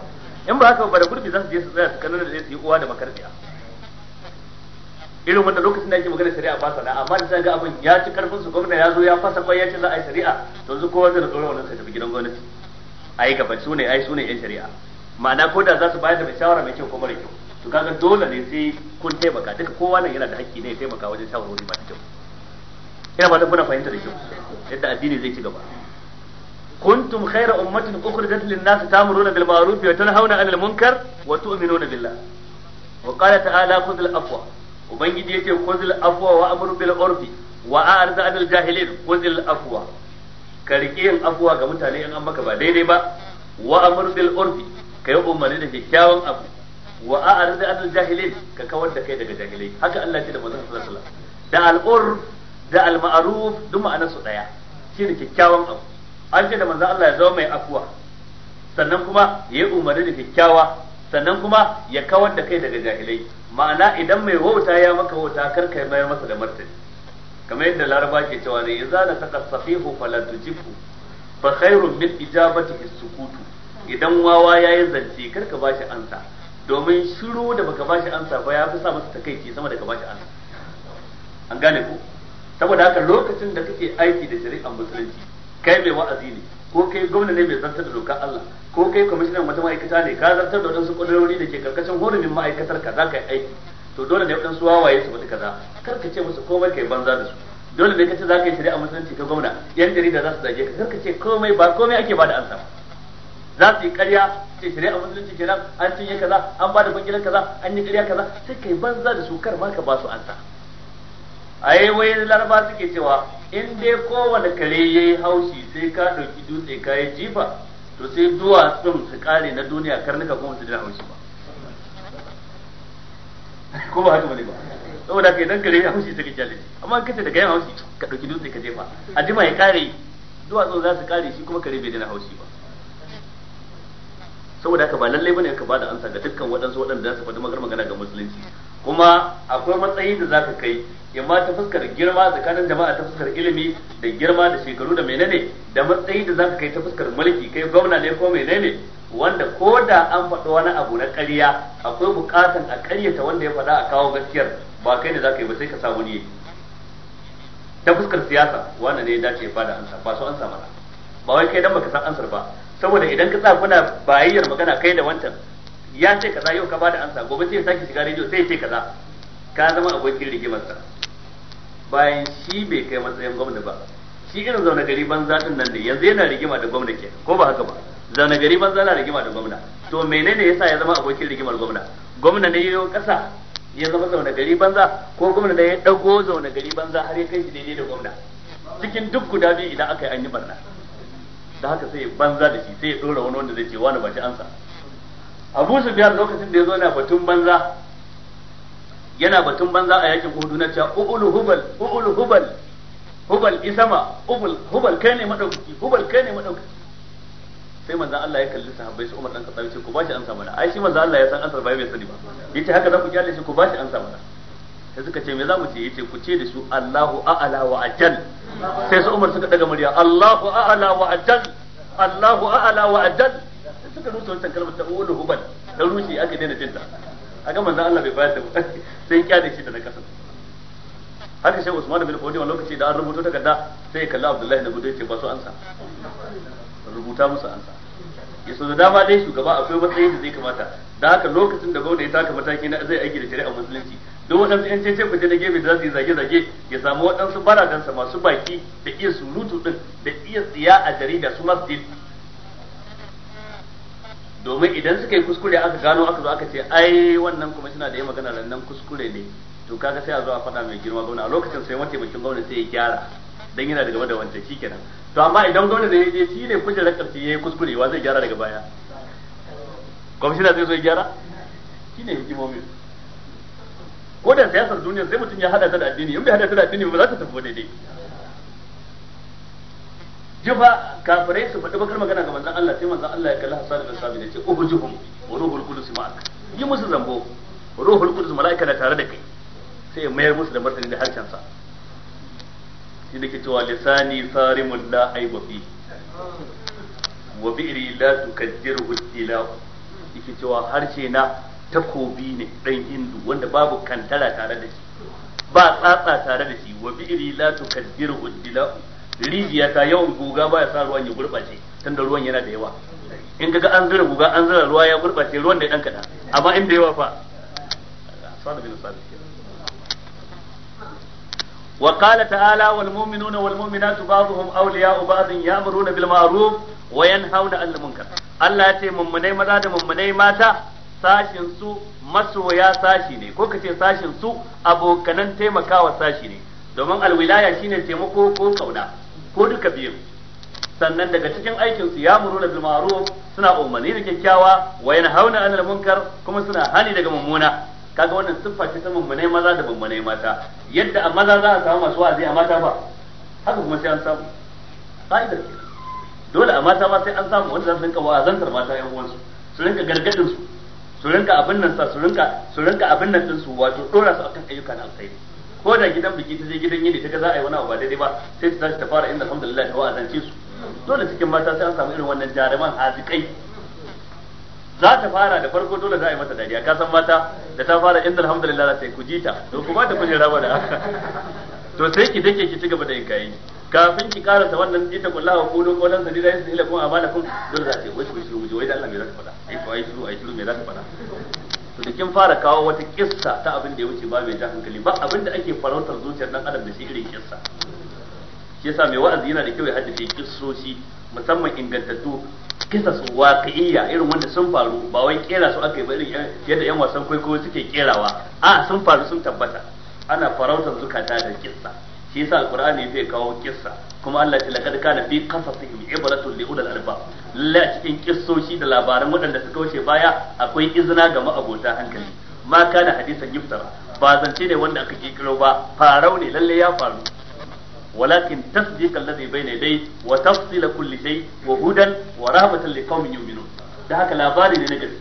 in ba haka ba da gurbi za su je su tsaya su kanar da zai su yi uwa da makarfiya irin wanda lokacin da ake magana shari'a ba sana amma da ga abin ya ci karfin su gwamna ya zo ya fasa kwai ya ce za a yi shari'a to yanzu kowa zai tsoron wannan sai tafi gidan gwamnati a yi gaba su ne ai su ne yan shari'a ma'ana ko da za su bayar da mai shawara mai kyau ko mara kyau to kaga dole ne sai kun taimaka duka kowa nan yana da haƙƙi ne ya taimaka wajen shawarwari masu kyau ina ba da kuna fahimta da kyau yadda addini zai ci gaba kuntum khayra ummatin ukhrijat lin-nas ta'muruna bil ma'ruf wa tanhauna 'anil munkar wa tu'minuna billah wa qala ta'ala al afwa ubangiji yace al afwa wa amru bil urfi wa a'rid 'anil jahilin al afwa ka rike yin afwa ga mutane in an maka ba daidai ba wa amru bil urfi kai umarni da kyakkyawan abu wa a'rid anil jahilin ka kawar da kai daga jahilai haka Allah ce da manzon sallallahu alaihi wasallam da al'ur da al-ma'ruf duk ma'anar su daya shine kyakkyawan abu an ce da manzon Allah ya zama mai afwa sannan kuma ya umarni da kyakkyawa sannan kuma ya kawar da kai daga jahilai ma'ana idan mai wauta ya maka wauta kar kai mayar masa da martani kamar yadda laraba ke cewa ne idza la taqassafihu fala tujibu fa khairun min ijabatihi sukutu idan wawa yayi zance kar ka bashi ansa domin shiru da baka shi amsa ba ya fi sa masa takaici sama da ka shi amsa an gane ku saboda haka lokacin da kake aiki da shari'ar musulunci kai mai wa'azi ne ko kai gwamna ne mai zartar da dokar Allah ko kai kwamishinan wata ma'aikata ne ka zartar da wadansu kudurori da ke karkashin hurumin ma'aikatar ka za ka yi aiki to dole ne wadansu wawaye su mutu kaza kar ka ce musu komai kai banza da su dole ne ka ce za ka yi shari'a musulunci ka gwamna yan jarida za su zage ka kar ka ce komai ba komai ake ba da ansa ba za su yi ƙarya ce a musulunci kenan an cinye kaza an ba da bangilan kaza an yi ƙarya kaza sai kai banza da su kar ma ka ba su ansa ai wai laraba suke cewa in dai kowane kare ya yi haushi sai ka ɗauki dutse ka yi jifa to sai duwatsun su kare na duniya karnuka kuma su dina haushi ba ko ba haka bane ba saboda kai dan kare haushi ka kyale amma kace daga yin haushi ka ɗauki dutse ka jefa a jima ya kare duwatsun za su kare shi kuma kare bai dina haushi ba saboda haka ba lallai bane ka bada ansa ga dukkan waɗansu waɗanda za su faɗi magar magana ga musulunci kuma akwai matsayi da zaka kai in ma ta fuskar girma tsakanin jama'a ta fuskar ilimi da girma da shekaru da menene da matsayi da zaka kai ta fuskar mulki kai gwamna ne ko menene wanda ko da an faɗi wani abu na ƙarya akwai buƙatan a ƙaryata wanda ya faɗa a kawo gaskiyar ba kai ne zaka yi ba sai ka samu ne ta fuskar siyasa wanda ne ya dace ya fada ansa ba su ansa mana ba wai kai dan baka san ansar ba saboda idan ka tsaya kuna bayayyar magana kai da wancan ya ce kaza yau ka ba da ansa gobe sai ya sake shiga rediyo sai ya ce kaza ka zama abokin rigimarsa bayan shi bai kai matsayin gwamna ba shi irin zaune gari banza din nan da yanzu yana rigima da gwamna ke ko ba haka ba zaune gari banza na rigima da gwamna to menene yasa ya zama abokin rigimar gwamna gwamna ne yau kasa ya zama zaune gari banza ko gwamna ne ya dago zaune gari banza har ya kai shi daidai da gwamna cikin duk guda biyu idan aka yi an yi barna da haka sai ya banza da shi sai ya dora wani wanda zai ce wani ba shi ansa Abu biyar lokacin da ya zo yana batun banza yana batun banza a yakin Uhud na cewa ubul hubal ubul hubal hubal isama ubul hubal kai ne madaukaki hubal kai ne madaukaki sai manzon Allah ya kalli sahabbai su Umar dan Khattab ya ce ku shi ansa mana ai shi manzon Allah ya san ansa bai bai sani ba yace haka za ku kyalle shi ku shi ansa mana da suka ce me za mu ce yace ku ce da su Allahu a'ala wa ajal sai su Umar suka daga murya Allahu a'ala wa ajal Allahu a'ala wa ajal sai suka rusa wannan kalmar ta wani hubal da rushe aka daina jin ta aga manzo Allah bai bayar da sai kya da shi da na kasa haka sai Usman bin Fodi wannan lokaci da an rubuto kadda sai kalla Abdullahi na gudu yace ba su ansa rubuta musu ansa ya so da dama dai shugaba akwai matsayin da zai kamata da haka lokacin da gwamnati ta taka mataki na zai aiki da shari'a musulunci duk waɗansu yan cece ku na gefe da za su yi zage-zage ya samu waɗansu baradansa masu baki da iya surutu din da iya tsiya a jarida su masu din domin idan suka yi kuskure aka gano aka zo aka ce ai wannan kuma suna da yi magana nan kuskure ne to kaga sai a zo a faɗa mai girma gauna a lokacin sai mataimakin gauna sai ya gyara dan yana da gaba da wancan kenan to amma idan gauna da ya je shi ne kujerar karshe yayi kuskure wa zai gyara daga baya kwamishina zai zo ya gyara shi ne hikimomin ko da siyasar duniya sai mutum ya hada ta da addini in bai hada ta da addini ba za ta tafi ba daidai jifa kafirai su faɗi bakar magana ga manzon Allah sai manzon Allah ya kalli Hassan bin Sabit ya ce ubujuhum wa ruhul qudus ma'ak yi musu zambo ruhul qudus malaika na tare da kai sai ya mayar musu da martani da harshen sa shi da ke cewa lisani sarimul la aiba fi wa bi'ri la tukaddiru ila yake cewa harshe na takobi ne dan hindu wanda babu kantara tare da shi ba tsatsa tare da shi wa bi'ri la tukaddiru dila'u rijiya ta yawan guga ba ya sa ruwan ya gurbace tunda ruwan yana da yawa in kaga an zura guga an zura ruwa ya gurbace ruwan da dan kada amma inda yawa fa sabu bin sabu وقال تعالى والمؤمنون والمؤمنات بعضهم اولياء بعض يامرون بالمعروف وينهون عن المنكر الله يتي ممني maza da mummunai mata sashin su masoya sashi ne ko kace sashin su abokanan taimakawa sashi ne domin alwilaya shine taimako ko kauna ko duka biyu sannan daga cikin aikin su ya muru bil ma'ruf suna umarni da kyakkyawa wa yanhauna 'anil munkar kuma suna hani daga mummuna kaga wannan siffa ce ta mummune maza da mummune mata yadda a maza za a samu masu wa'azi a mata ba haka kuma sai an samu ka'idar ke dole a mata ma sai an samu wanda za su rinka wa'azantar mata yan uwansu su rinka gargadin su su rinka abin nan sa su rinka su rinka abin nan din su wato dora su akan ayyuka na alkhairi ko da gidan biki ta je gidan yini ta ga za a yi wani abu ba daidai ba sai ta tashi ta fara inda alhamdulillah ta wa'azance su dole cikin mata sai an samu irin wannan jaruman hazikai za ta fara da farko dole za a yi mata dariya ka san mata da ta fara inda alhamdulillah za ta yi kujita to kuma ta kujera mana to sai ki dake ki ci gaba da yin kayi kafin ki karanta wannan ita kullahu qulu qawlan sadida yasila kun amalakum dole za ta yi wai wai wai da Allah mai zaka ta faɗa ai ko ai shiru ai shiru me zaka fada to da kin fara kawo wata kissa ta abin da ya wuce ba mai ja hankali ba abin da ake farautar zuciyar dan adam da shi irin kissa shi yasa mai wa'azi yana da kyau ya haddace kissoshi musamman ingantattu kisa su waƙi'iyya irin wanda sun faru ba wai kera su aka yi ba irin yadda yan wasan kwaikwayo suke kerawa a sun faru sun tabbata ana farautar zukata da kissa shi yasa alqur'ani zai kawo kissa kuma Allah ya laqad kana fi qasasihim ibratun li ulal albab lalle a cikin kissoshi da labaran waɗanda suka wuce baya akwai izina ga ma'abota hankali ma kana hadisan yuftara ba zance ne wanda aka kikiro ba farau ne lalle ya faru dai wa tafsil kulli shay wa hudan wa rahmatan li qaumin yu'minun da haka labari ne na gaske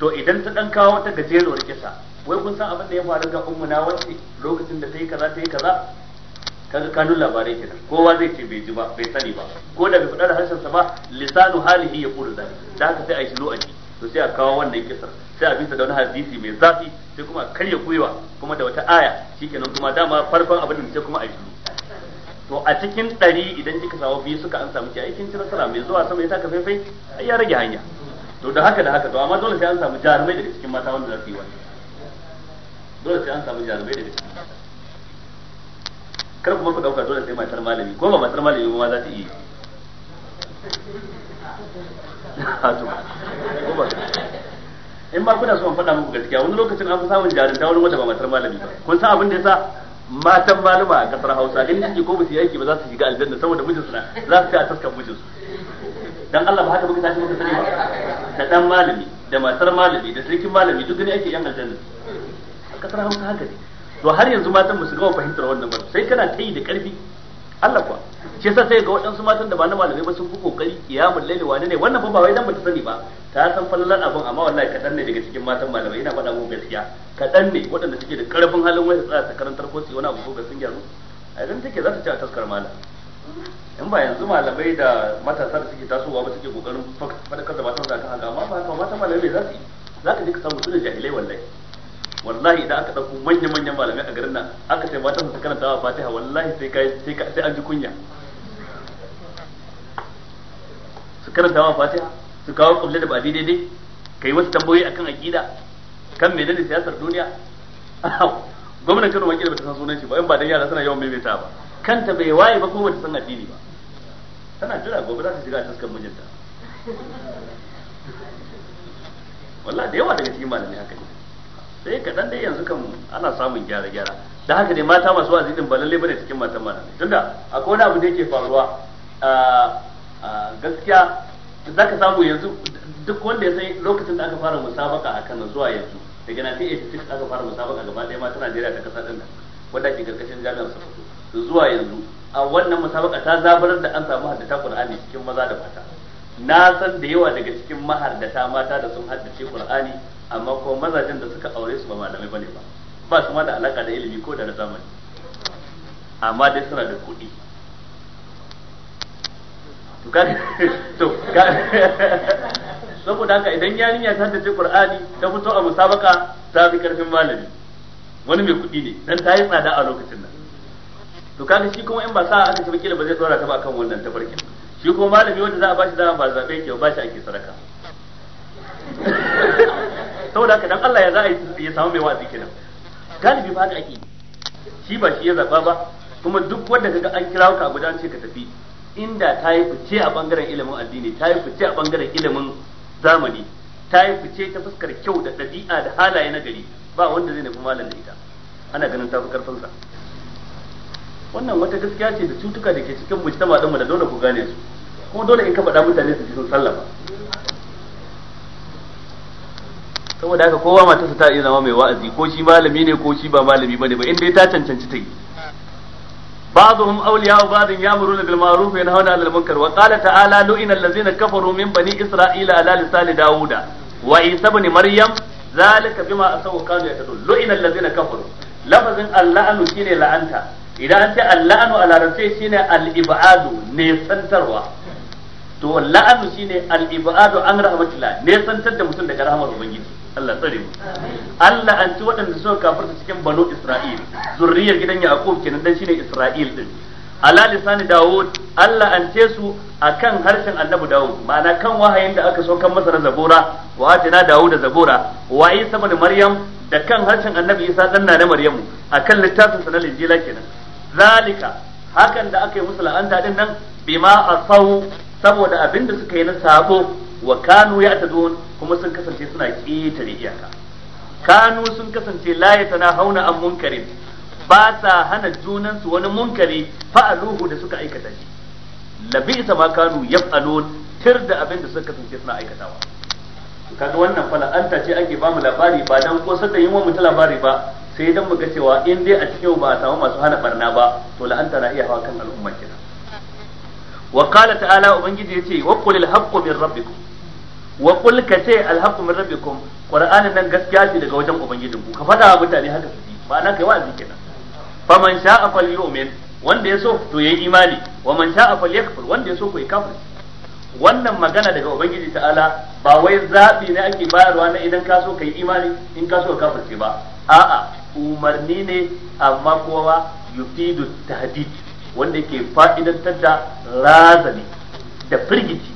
to idan ta dan kawo ta gajeruwar kisa wai kun san abin da ya faru ga ummuna wacce lokacin da ta yi kaza ta yi kaza kaga kanun labarai ke nan kowa zai ce bai ji ba bai sani ba ko da bai faɗa da harshen sa ba lisanu halihi ya kula zai da haka sai a yi shiru a ji to sai a kawo wannan kisar sai a bisa da wani hadisi mai zafi sai kuma a karya kuiwa kuma da wata aya shikenan kuma dama farkon abin da sai kuma a yi shiru to a cikin ɗari idan kika samu biyu suka an samu ki aikin ci nasara mai zuwa sama ya taka faifai ai ya rage hanya to da haka da haka to amma dole sai an samu jarumai daga cikin mata wanda za su yi wannan dole sai an samu jarumai daga cikin mata kar kuma ku dauka dole sai matar malami ko ba matar malami ba za ta yi in ba kuna so an faɗa muku gaskiya wani lokacin an fi samun jarinta wani wata ba matar malami ba kun san abin da yasa matan maluma a kasar Hausa in suke ko musu yaki ba za su shiga aljanna saboda mijin na za su ta a mijin su dan Allah ba haka muka tashi muka sani ba da dan malami da matar malami da sarkin malami duk ne ake yan aljanna a kasar Hausa haka ne to har yanzu matan ba su gama fahimtar wannan ba sai kana tayi da karfi Allah kuwa shi yasa sai ga waɗansu matan da ba na malamai ba sun ku kokari kiyamul laili wani ne wannan ba wai dan bata sani ba ta san fallalar abun amma wallahi kadan ne daga cikin matan malamai ina faɗa muku gaskiya kadan ne waɗanda suke da karfin halin wai tsaya ta karantar ko su wani abu ko ga sun gyaru a idan take za ta ci a taskar malam in ba yanzu malamai da matasa da suke tasowa ba suke kokarin fadakar da matan da aka haka amma ba haka matan malamai za su yi za ka ji ka samu su da jahilai wallahi wallahi idan aka dauko manyan manyan malamai a garin nan aka ce matan su karanta wa Fatiha wallahi sai kai sai ka sai an ji kunya su karanta wa Fatiha su kawo kulle da ba daidai dai kai wasu tambayoyi akan aqida kan menene siyasar duniya gwamnatin Kano wakil bata san sunan shi ba in ba dan yara suna yawan maimaita ba kanta bai waye ba kuma bata san addini ba tana jira gobe za ta shiga taskar mijinta wallahi da yawa daga cikin malamai haka ne sai kaɗan dai yanzu kan ana samun gyara-gyara da haka ne mata masu wa'azi ba lalle bane cikin matan mana tunda akwai wani abu da yake faruwa gaskiya za ka samu yanzu duk wanda ya sai lokacin da aka fara musabaka a kan zuwa yanzu daga 1986 aka fara musabaka gaba ɗaya mata Najeriya ta kasa ɗin wanda ke karkashin jami'ar Sokoto zuwa yanzu a wannan musabaka ta zabarar da an samu haddata Qur'ani cikin maza da mata na san da yawa daga cikin mahaddata mata da sun haddace Qur'ani amma ko mazajen da suka aure su ba malamai bane ba ba su ma da alaka da ilimi ko da na zamani amma dai suna da kuɗi to ka to ka saboda haka idan yarinya ta tace Qur'ani ta fito a musabaka ta fi karfin malami wani mai kuɗi ne dan ta yi tsada a lokacin nan to kaga shi kuma in ba sa aka tafi kila ba zai dora ta ba kan wannan tafarkin shi kuma malami wanda za a bashi dama ba zabe ke ba shi ake sadaka saboda haka dan Allah ya za a ya samu mai wa'azi kenan galibi ba haka ake shi ba shi ya zaba ba kuma duk wanda kaga an kirawo ka guda ce ka tafi inda ta yi fice a bangaren ilimin addini ta yi fice a bangaren ilimin zamani ta yi fice ta fuskar kyau da ɗabi'a da halaye na gari ba wanda zai nufi malam da ita ana ganin tafi karfin sa wannan wata gaskiya ce da cutuka da ke cikin mujtama ɗinmu da dole ku gane su ko dole in ka faɗa mutane su ji sun sallama saboda haka kowa matarsa ta iya zama mai wa'azi ko shi malami ne ko shi ba malami bane ba in dai ta cancanci ta yi بعضهم أولياء بعض يأمرون بالمعروف وينهون عن المنكر وقال تعالى لئن الذين كفروا من بني إسرائيل على لسان داوود وعيسى بن مريم ذلك بما أسوا كانوا يعتدون لئن الذين كفروا لفظ اللعن شيني لعنتا إذا أنت اللعن على رسي شيني الإبعاد نيسنتروا to la'anu shine al-ibadu an rahmatillah ne san tadda mutum daga rahmar ubangiji Allah tsare mu Allah an ci waɗanda suka kafarta cikin banu Isra'il zurriyar gidan Yaqub kenan dan shine Isra'il din ala lisani Dawud Allah an ce su akan harshen Annabi Dawud ma'ana kan wahayin da aka so kan masa na Zabura wa atina Dawud da Zabura wa Isa da Maryam da kan harshen Annabi Isa dan na Maryam? akan littafin sa na Injila kenan zalika hakan da aka yi musu la'anta din nan bima asau saboda abin da suka yi na sabo wa kanu ya'tadun kuma sun kasance suna ƙetare iyaka kanu sun kasance la hauna an munkarin ba sa hana junansu wani munkari fa'aluhu da suka aikata shi isa ma kanu yaf'alun tir da abin da suka kasance suna aikatawa kaga wannan fala'anta ce ake bamu labari ba dan sai da yin wa labari ba sai dan ga cewa in dai a cikin ba a samu masu hana barna ba to la'anta na iya hawa kan al'umma kina wa qala ta'ala ubangiji yace wa qulil haqqu min rabbikum wa qul ka ce alhaqqu min rabbikum qur'anin nan gaskiya ce daga wajen ubangijin ku ka faɗa wa mutane haka su ji ma'ana kai wa'azi kenan faman sha'a falyu'min wanda ya so to yayi imani wa man sha'a falyakfur wanda ya so ko ya kafirci wannan magana daga ubangiji ta'ala ba wai zabi ne ake bayarwa na idan ka so kai imani in ka so ka kafirce ba a'a umarni ne amma kowa yufidu tahdid wanda ke fa'idantar da razani da firgici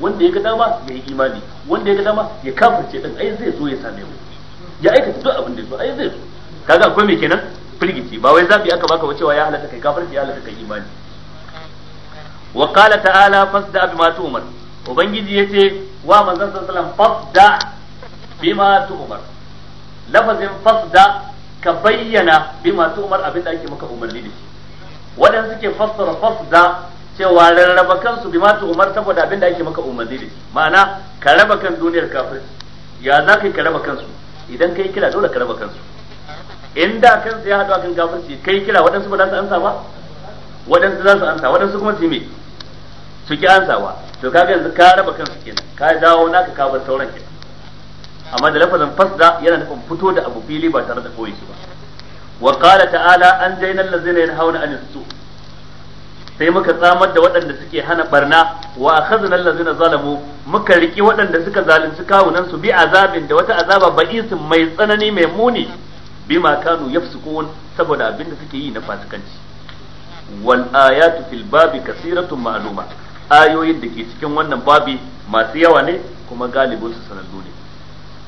wanda ya ga dama ya yi imani wanda ya ga dama ya kafarce din ai zai zo ya same mu ya aikata duk abin da ya ai zai zo kaga akwai me kenan firgici ba wai zabi aka baka wacewa ya halaka kai kafarci ya halaka kai imani wa qala ta'ala fasda ma tu'mar ubangiji yace wa manzon sallallahu alaihi wasallam fasda ma tu'mar lafazin fasda ka bayyana bi ma tu'mar abin da ake maka umarni da shi wadanda suke fassara fasda cewa rarraba kansu bi ma umar saboda abin da ake maka umarni da ma'ana ka raba kan duniyar kafir ya za ka yi ka raba kansu idan ka yi kira dole ka raba kansu in da kan sai haɗu akan kafirci kai kira waɗansu ba za su ansa ba waɗansu za su ansa waɗansu kuma su yi su ki ba. to kaga yanzu ka raba kansu kenan ka dawo naka ka bar sauran kenan amma da lafazin fasda yana nufin fito da abu fili ba tare da koyi shi ba wa qala ta'ala an jainal ladzina yanhauna anis su' sai muka tsamar da waɗanda suke hana barna wa akhadna allazina zalamu muka riki waɗanda suka zalunci kawunan su bi azabin da wata azaba ba'isin mai tsanani mai muni bima kanu yafsukun saboda abin da suke yi na fasikanci wal ayatu fil babi kasiratun ma'luma ayoyin da ke cikin wannan babi masu yawa ne kuma galibin su sanannu ne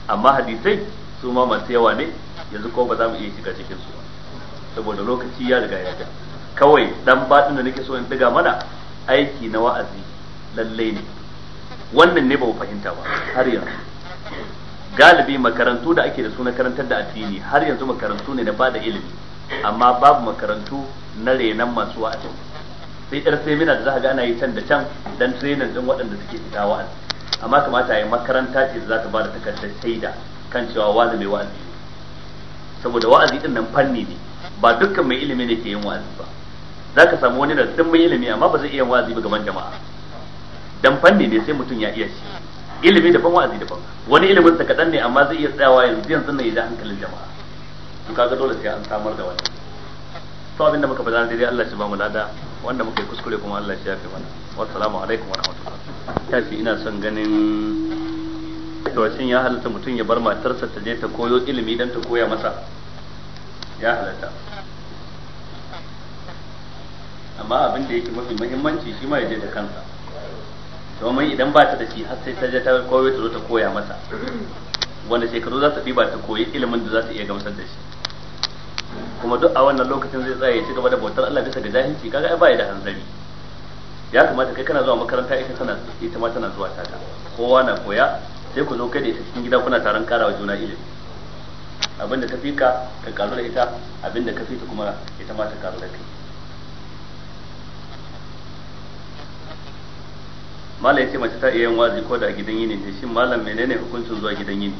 amma hadisai su ma masu yawa ne yanzu ko ba za mu iya shiga cikin su ba saboda lokaci ya riga ya ja kawai dan baɗin da nake so in diga mana aiki na wa'azi lalle ne wannan ne ba mu fahimta ba har yanzu galibi makarantu da ake da su na karantar da addini har yanzu makarantu ne na bada ilimi amma babu makarantu na renan masu wa'azi sai yar semina da za ga ana yi can da can dan training din waɗanda suke fita wa'azi amma kamata yi makaranta ce da za ta bada takardar shaida kan cewa wani mai wa'azi saboda wa'azi din nan fanni ne ba dukkan mai ilimi ne ke yin wa'azi ba Za ka samu wani da dimbin ilimi amma ba zai iya wazi ba gaban jama'a dan fanni ne sai mutum ya iya shi ilimi daban wa'azi daban wani ilimin sa kadan ne amma zai iya tsayawa yanzu yanzu ne da hankalin jama'a to kaga dole sai an samar da wani to abinda muka faɗa daidai Allah shi ba mu lada wanda muka yi kuskure kuma Allah shi ya fi mana salamu alaikum wa rahmatullah tafi ina son ganin to shin ya halatta mutum ya bar matarsa ta je ta koyo ilimi dan ta koya masa ya halatta amma abin da yake mafi muhimmanci shi ma ya je da kansa domin idan ba ta da shi har sai ta je ta koyo ta zo ta koya masa wanda shekaru za su ba ta koyi ilimin da za ta iya gamsar da shi kuma duk a wannan lokacin zai tsaya ya ci gaba da bautar Allah bisa ga jahilci kaga ai ya da hanzari ya kamata kai kana zuwa makaranta ita tana ita ma tana zuwa taka kowa na koya sai ku zo kai da ita cikin gida kuna taron karawa juna ilimi abinda ka fi ka karu da ita abinda ka fi ta kuma ita ma ta karu da kai mala ya ce mace ta iya yin wazi ko da gidan yini ne shin malam menene hukuncin zuwa gidan yini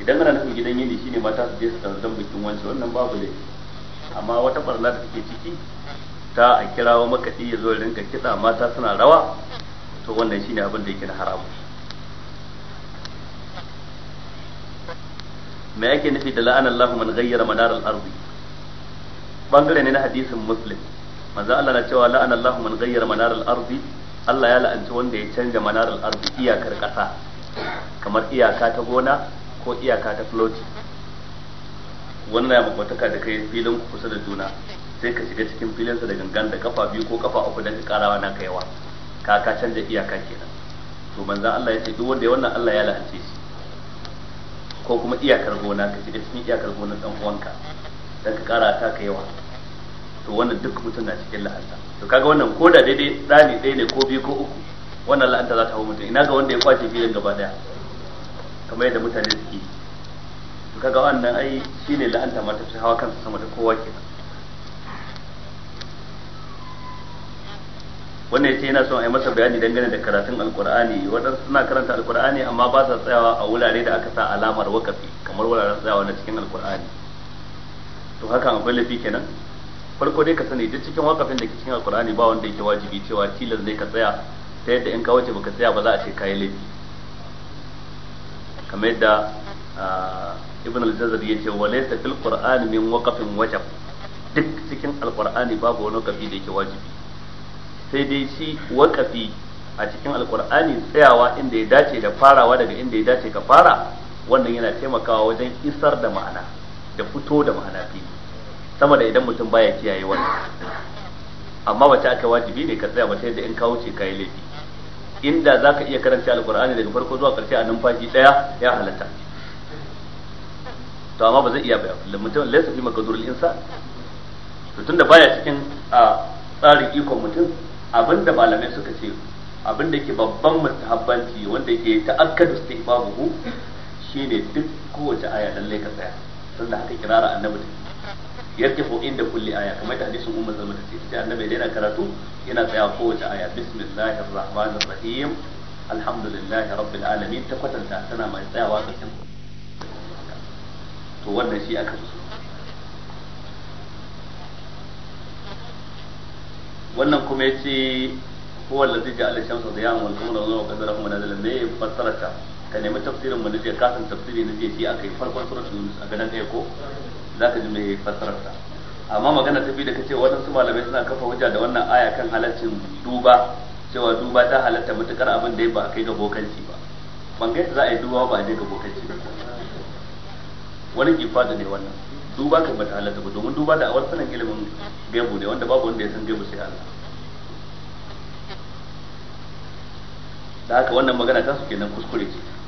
idan ana nufin gidan yini shine mata su je su taru dan bikin wancan wannan babu ne amma wata barna da take ciki ta a kirawo makaɗi ya zo rinka kiɗa mata suna rawa to wannan shine abin da yake na haramu me yake nufi da la'ana Allahu man ghayyara madar al-ardi bangare ne na hadisin muslim manzo Allah na cewa la'ana Allahu man ghayyara madar al-ardi Allah ya la'anci wanda ya canja manaral ardi iyakar ƙasa kamar iyaka ta gona ko iyaka ta floti wannan ya makwataka da kai filin kusa da juna sai ka shiga cikin filinsa da gangan da kafa biyu ko kafa uku don ka karawa na kaiwa ka ka canja iyaka kenan to manzan Allah ya ce duk wanda ya wannan Allah ya la'anci shi ko kuma iyakar gona ka shiga cikin iyakar gona dan uwanka dan ka kara ta ka yawa to wannan duk mutum na cikin la'anta to kaga wannan ko da daidai tsani ɗaya ne ko biyu ko uku wannan la'anta za ta hau mutum ina ga wanda ya kwace filin gaba daya kamar yadda mutane suke to kaga wannan ai shine la'anta ma ta fi hawa kansa sama da kowa kenan wannan yace yana son a yi masa bayani dangane da karatun alkur'ani waɗansu suna karanta alkur'ani amma ba sa tsayawa a wurare da aka sa alamar wakafi kamar wuraren tsayawa na cikin alkur'ani to hakan akwai lafi kenan farko dai ka sani duk cikin wakafin da ke cikin alkur'ani ba wanda yake wajibi cewa tilas zai ka tsaya ta yadda in ka wuce baka tsaya ba za a ce kayi laifi kamar yadda ibn al-jazari ya ce walaysa fil qur'ani min waqafin wajab duk cikin alkur'ani babu wani waqafi da yake wajibi sai dai shi waqafi a cikin alkur'ani tsayawa inda ya dace da farawa daga inda ya dace ka fara wannan yana taimakawa wajen isar da ma'ana da fito da ma'ana fili sama da idan mutum baya kiyaye wannan amma ta aka wajibi ne ka tsaya ba sai da in kawo ce kai laifi inda zaka iya karanta alqur'ani daga farko zuwa karshe a numfashi daya ya halatta to amma ba zai iya ba mutum laysa fi makdurul insa to tunda baya cikin a tsarin ikon mutum abinda malamai suka ce abinda ke babban mustahabbanci wanda ke ta'akkadu shi shine duk kowace aya lalle ka tsaya tunda haka kirara annabi yarkifu inda kulli aya kamar da hadisin ummu salma ta ce sai annabi da yana karatu yana tsaya kowace aya bismillahir rahmanir rahim alhamdulillahi rabbil alamin ta kwatanta tana mai tsayawa karshen to wannan shi aka so wannan kuma yace huwa allazi ja'ala shamsa diyan wal qamara nuran wa qadarahu manazila me fassarata ka nemi tafsirin mu ne ka san tafsiri ne shi akai farkon suratul yunus a ganin ko zaka ji mai fassarar sa amma magana ta bi da kace waɗansu malamai suna kafa hujja da wannan aya kan halaccin duba cewa duba ta halatta mutukar abin da ya ba kai ga bokanci ba ban ga za a yi duba ba a ga bokanci ba wani ifada ne wannan duba kan bata halatta ba domin duba da awar sanin ilimin gaibu ne wanda babu wanda ya san gaibu sai Allah da haka wannan magana ta su kenan kuskure ce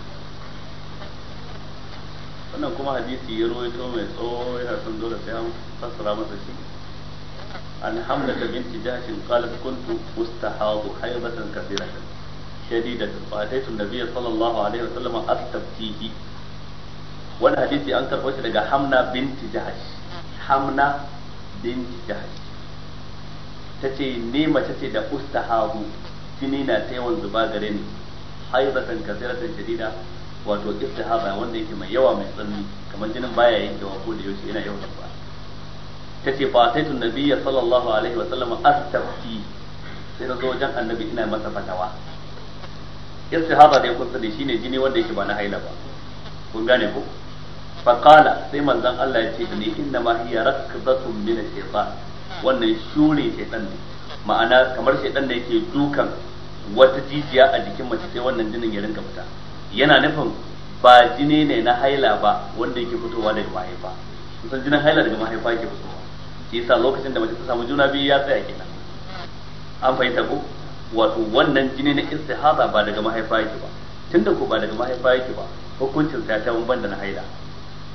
wannan kuma hadisi ya to mai tsawo yana son dole sai an fassara masa shi an ta binti jashin qalat kuntu mustahadu haybatan kathiratan shadidatan fa ataitu biyar sallallahu alaihi wasallam astabtihi wannan hadisi an karɓo shi daga hamna binti jahsh hamna binti jahsh tace ne mace ce da ustahabu jini na ta yawan zuba gare ni haybatan kathiratan shadida wato istihaba wanda yake mai yawa mai tsanani kamar jinin baya yankewa ko da yaushe yana yawan ba Ta ce fa sai tun nabiyya sallallahu alaihi wa sallam astafti sai na zo wajen annabi ina masa fatawa istihaba da ya kunsa da shine jini wanda yake ba na haila ba kun gane ko fa sai manzon Allah ya ce ni inna ma hiya rakbatun min shaytan wannan shure shaytan ne ma'ana kamar shaytan ne yake dukan wata jijiya a jikin mace sai wannan jinin ya rinka fita yana nufin ba jini ne na haila ba wanda yake fitowa daga mahaifa kusan jinin haila daga mahaifa yake fitowa shi yasa lokacin da mace ta samu juna biyu ya tsaya kenan an fahimta ko wato wannan jini na istihada ba daga mahaifa yake ba tunda ko ba daga mahaifa yake ba hukuncin sa ya ta ban da na haila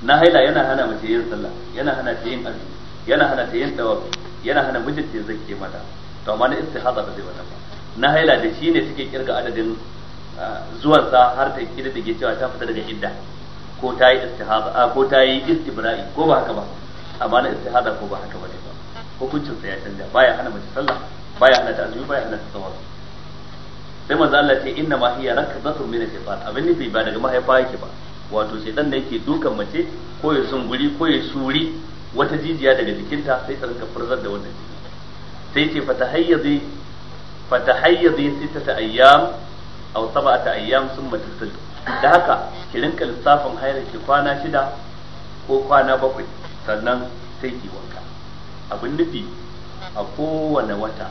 na haila yana hana mace yin sallah yana hana ta yin azumi yana hana ta yin tawafi yana hana mijinta ya zake mata to amma na istihada ba zai wannan ba na haila da shi ne suke kirga adadin zuwan sa har ta kida da cewa ta fita daga idda ko ta yi istihada ko ta yi istibra'i ko ba haka ba amma na istihada ko ba haka ba ne ba hukuncin sa ya canja baya hana mace sallah baya hana ta azumi baya hana ta tsawon sai manzo Allah ce inna ma hiya rakbatun min shaytan abin nufi ba daga mahaifa yake ba wato shaytan da yake dukan mace ko ya zunguri ko ya suri wata jijiya daga jikinta sai ta rinka furzar da wannan jiki sai ce fatahayyadi fatahayyadi sittata ayyam aw sab'ata ayyam summa tusul da haka ki rinka lissafin haila ki kwana shida ko kwana bakwai sannan sai ki wanka abin nufi a kowane wata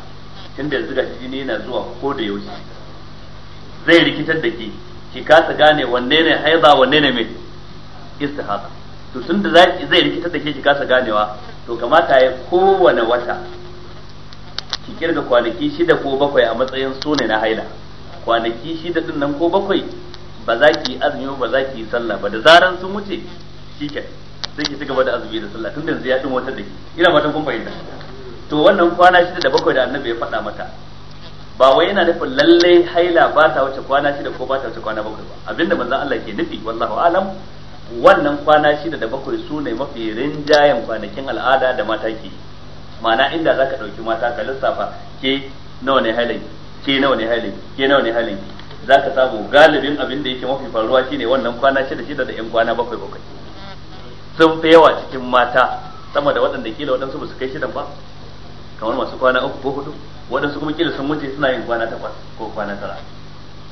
tunda yanzu ga jini yana zuwa ko da yaushe zai rikitar da ke ki kasa gane wanne ne haiza wanne ne mai istihada to da zai rikitar da ke ki kasa ganewa to kamata ya kowane wata ki kirga kwanaki shida ko bakwai a matsayin sune na haila kwanaki shida din nan ko bakwai ba za ki azumi ba za ki yi sallah ba da zaran sun wuce shike sai ki ci gaba da azumi da sallah da yanzu ya din wata da ki ina fatan kun fahimta to wannan kwana shida da bakwai da annabi ya faɗa mata ba wai yana nufin lalle haila ba ta wuce kwana shida ko ba ta wuce kwana bakwai ba abinda manzon Allah ke nufi wallahu alam wannan kwana shida da bakwai su ne mafi rinjayen kwanakin al'ada da mata ke ma'ana inda za ka ɗauki mata ka lissafa ke nawa ne hailan ke nawa ne halin ke nawa ne halin za ka samu galibin abin da yake mafi faruwa shine wannan kwana shida shida da yan kwana bakwai bakwai sun fi yawa cikin mata sama da waɗanda kila waɗansu ba su kai shidan ba kamar masu kwana uku ko hudu waɗansu kuma kila sun wuce suna yin kwana takwas ko kwana tara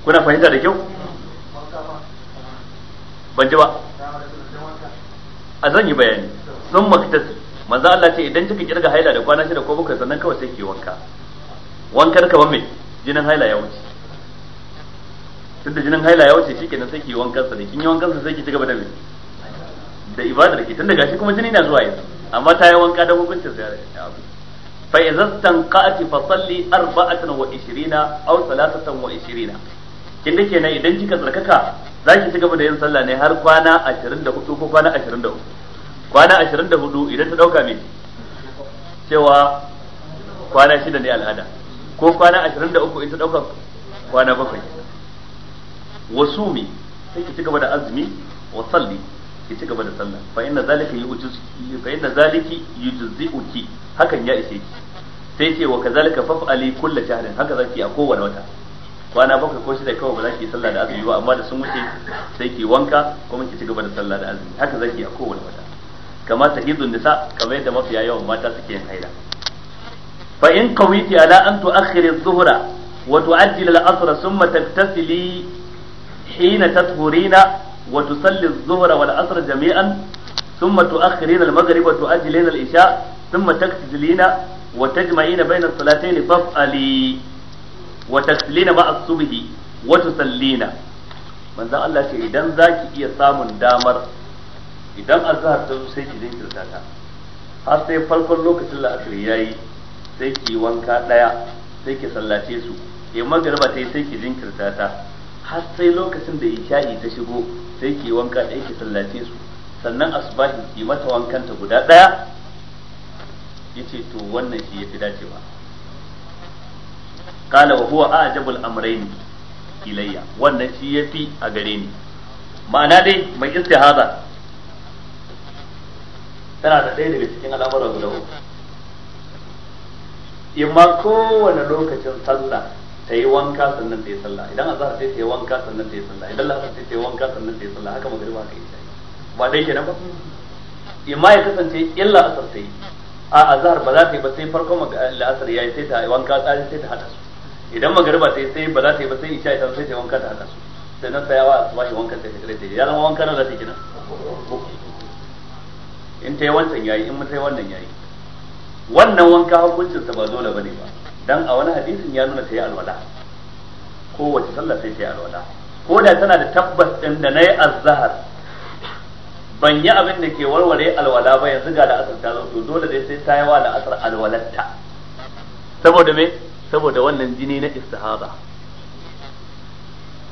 kuna fahimta da kyau ban ji ba a zan yi bayani sun maktas manzo Allah ce idan kika kirga haila da kwana shida ko bakwai sannan kawai sai ki wanka wankar ka ba me jinin haila ya wuce tunda jinin haila ya wuce shikenan sai ki wankan sa ne kin yi wankan sa sai ki cigaba da da ibadar ki tunda gashi kuma jini na zuwa yanzu amma ta yi wanka da hukuncin sa ya fa idza tanqati fa salli 24 aw 23 kin dake na idan kika tsarkaka zaki cigaba da yin sallah ne har kwana 24 ko kwana 23 kwana 24 idan ta dauka me cewa kwana shida ne al'ada ko kwana 23 ita ɗaukar kwana bakwai Wasu mi sai ki ci gaba da azumi wa salli ki ci gaba da sallah fa inna zalika yujzi fa inna zaliki yujzi'uki hakan ya ishe ki sai ce wa kazalika faf'ali kullu shahrin haka zaki a kowace wata kwana bakwai ko shida kawai ba ki yi sallah da azumi ba amma da sun wuce sai ki wanka kuma ki ci gaba da sallah da azumi haka zaki a kowace wata kama tahidun nisa kamar yadda mafiya yawan mata suke yin haila fa in qawiti ala an tu'akhkhiri adh-dhuhra wa tu'addila al-'asr thumma taktasili hina tathurina wa tusalli adh-dhuhra wal 'asr jami'an thumma tu'akhkhirina al-maghrib wa tu'addilina al-isha thumma taktasilina wa tajma'ina bayna as-salatayn fa'ali wa taktasilina ma'a as-subhi wa tusallina manzan Allah ce idan iya samun damar idan sai har sai farkon lokacin la'asar ya yi sai ki wanka daya sai ki sallace su in magariba ta yi sai ki jinkirta ta har sai lokacin da isha'i ta shigo sai ki wanka daya ki sallace su sannan asubahi ki mata wankan ta guda daya yace to wannan shi yafi dacewa qala wa huwa ajabul amrayn ilayya wannan shi yafi a gare ni ma'ana dai mai istihaza tana da ɗaya daga cikin al'amuran guda uku imma kowane lokacin sallah ta yi wanka sannan ta yi sallah idan azhar sai ta yi wanka sannan ta yi sallah idan la'asar sai ta yi wanka sannan ta yi sallah haka magariba haka yi ba dai kenan ba imma ya kasance illa asar ta yi a azhar ba za ta yi ba sai farkon la'asar yayi sai ta yi wanka tsari sai ta hada su idan magariba ta yi sai ba za ta yi ba sai isha ita sai ta yi wanka ta hada su sai nan yawa su bashi wanka sai ta kare ta ya zama wanka nan za ta yi kenan in ta yi wancan yayi in mutai wannan yayi wannan wanka hukuncin ba dole bane ba dan a wani hadisin ya nuna sai alwala ko wace sallah sai sai alwala ko da tana da tabbas din da nayi azhar ban yi abin da ke warware alwala ba yanzu ga da asar ta zo to dole dai sai ta yi wa da asar alwalatta saboda me saboda wannan jini na istihaba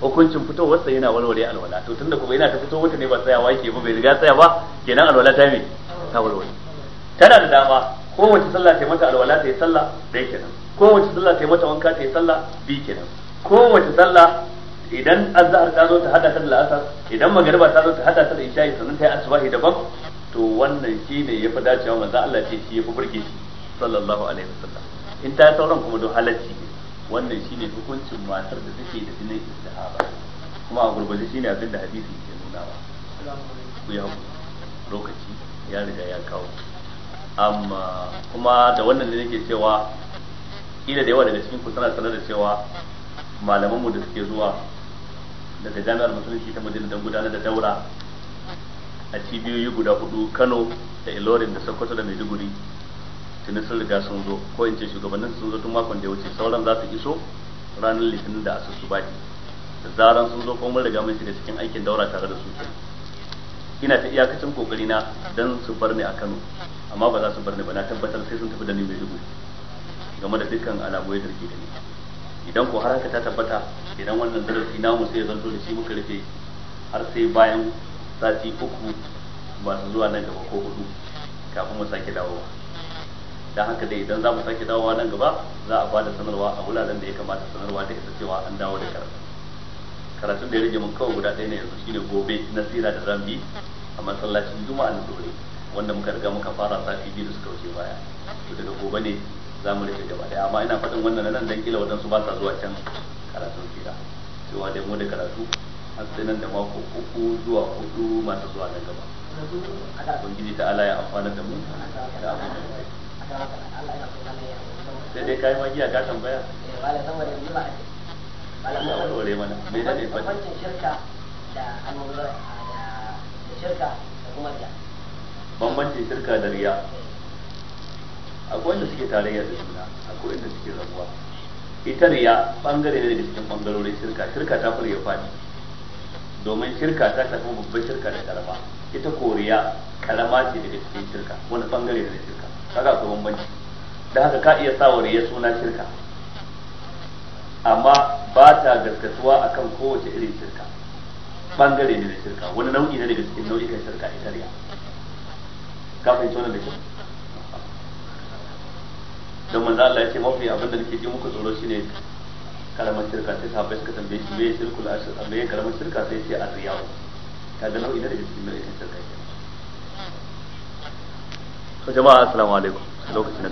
hukuncin fitowarsa yana warware alwala to tunda kuma yana ta fito wata ne ba tsayawa ke ba bai riga tsaya ba kenan alwala ta me ta warware tana da dama Ko wace sallah ta mata alwala ta yi sallah dai kenan wace sallah ta mata wanka ta yi sallah bi kenan wace sallah idan azhar ta zo ta hada ta da asar idan magariba ta zo ta hada ta da isha'i sannan ta yi asbahi daban to wannan shine yafi dacewa manzo Allah ce shi yafi burge shi sallallahu alaihi wasallam in ta sauran kuma don halacci wannan shine hukuncin matar da take da jinin istihaba kuma a shi ne abin da hadisi ke nuna ba ku ya lokaci ya riga ya kawo amma kuma da wannan ne nake cewa ila da yawa daga cikin ku tana sanar da cewa malamanmu da suke zuwa daga jami'ar musulunci ta madina don gudanar da daura a cibiyoyi guda hudu kano da ilorin da sokoto da maiduguri tuni sun riga sun zo ko in ce shugabannin sun zo tun makon da ya wuce sauran za su iso ranar litinin da asusu baki da zaran sun zo kuma mun riga mun shiga cikin aikin daura tare da su kenan ina ta iyakacin kokari na dan su bar ni a Kano amma ba za su bar ni ba na tabbatar sai sun tafi da ni dubu game da dukkan alamoyi da ke gani idan ko har haka ta tabbata idan wannan darasi namu sai ya zanto da shi muka rufe har sai bayan sati uku ba su zuwa nan gaba ko hudu kafin mu sake dawowa dan haka dai idan za mu sake dawowa nan gaba za a bada sanarwa a wuraren da ya kamata sanarwa da isa cewa an dawo da karatu karatun da ya rage mun kawai guda ɗaya ne yanzu shine gobe nasira da zambi a masallacin juma'a na dore wanda muka riga muka fara sati biyu da suka wuce baya to daga gobe ne za mu rike gaba ɗaya amma ina faɗin wannan nan dan kila wadansu ba sa zuwa can karatun tsira cewa dai mu da karatu har sai nan da mako uku zuwa hudu masu zuwa nan gaba ubangiji ta ala ya amfana da mu da abu da sai dai kayan magiya ka tambaya eh, ya warware mana bai da shirka da da shirka da kuma riya bambancin shirka da riya akwai wanda suke tarayya da juna akwai wanda suke rabuwa ita riya bangare ne daga cikin bangarorin shirka shirka ta fara fadi domin shirka ta tafi babban shirka da karama ita koriya karama ce daga cikin shirka wani bangare ne da shirka kaga akwai bambanci da haka ka iya sa wa riya suna shirka amma ba ta gaskatuwa akan kowace irin shirka bangare ne na shirka wani nau'i ne daga cikin nau'ikan shirka ita italiya kafin fahimci da kyau don manzo Allah ya ce mafi abin da nake ji muku tsoro shine karamar shirka sai sahabbai suka tambaye shi me shirkul ashir amma yayin karamar shirka sai ce riyawo ka ga nau'i ne daga cikin nau'ikan shirka to jama'a assalamu alaikum lokacin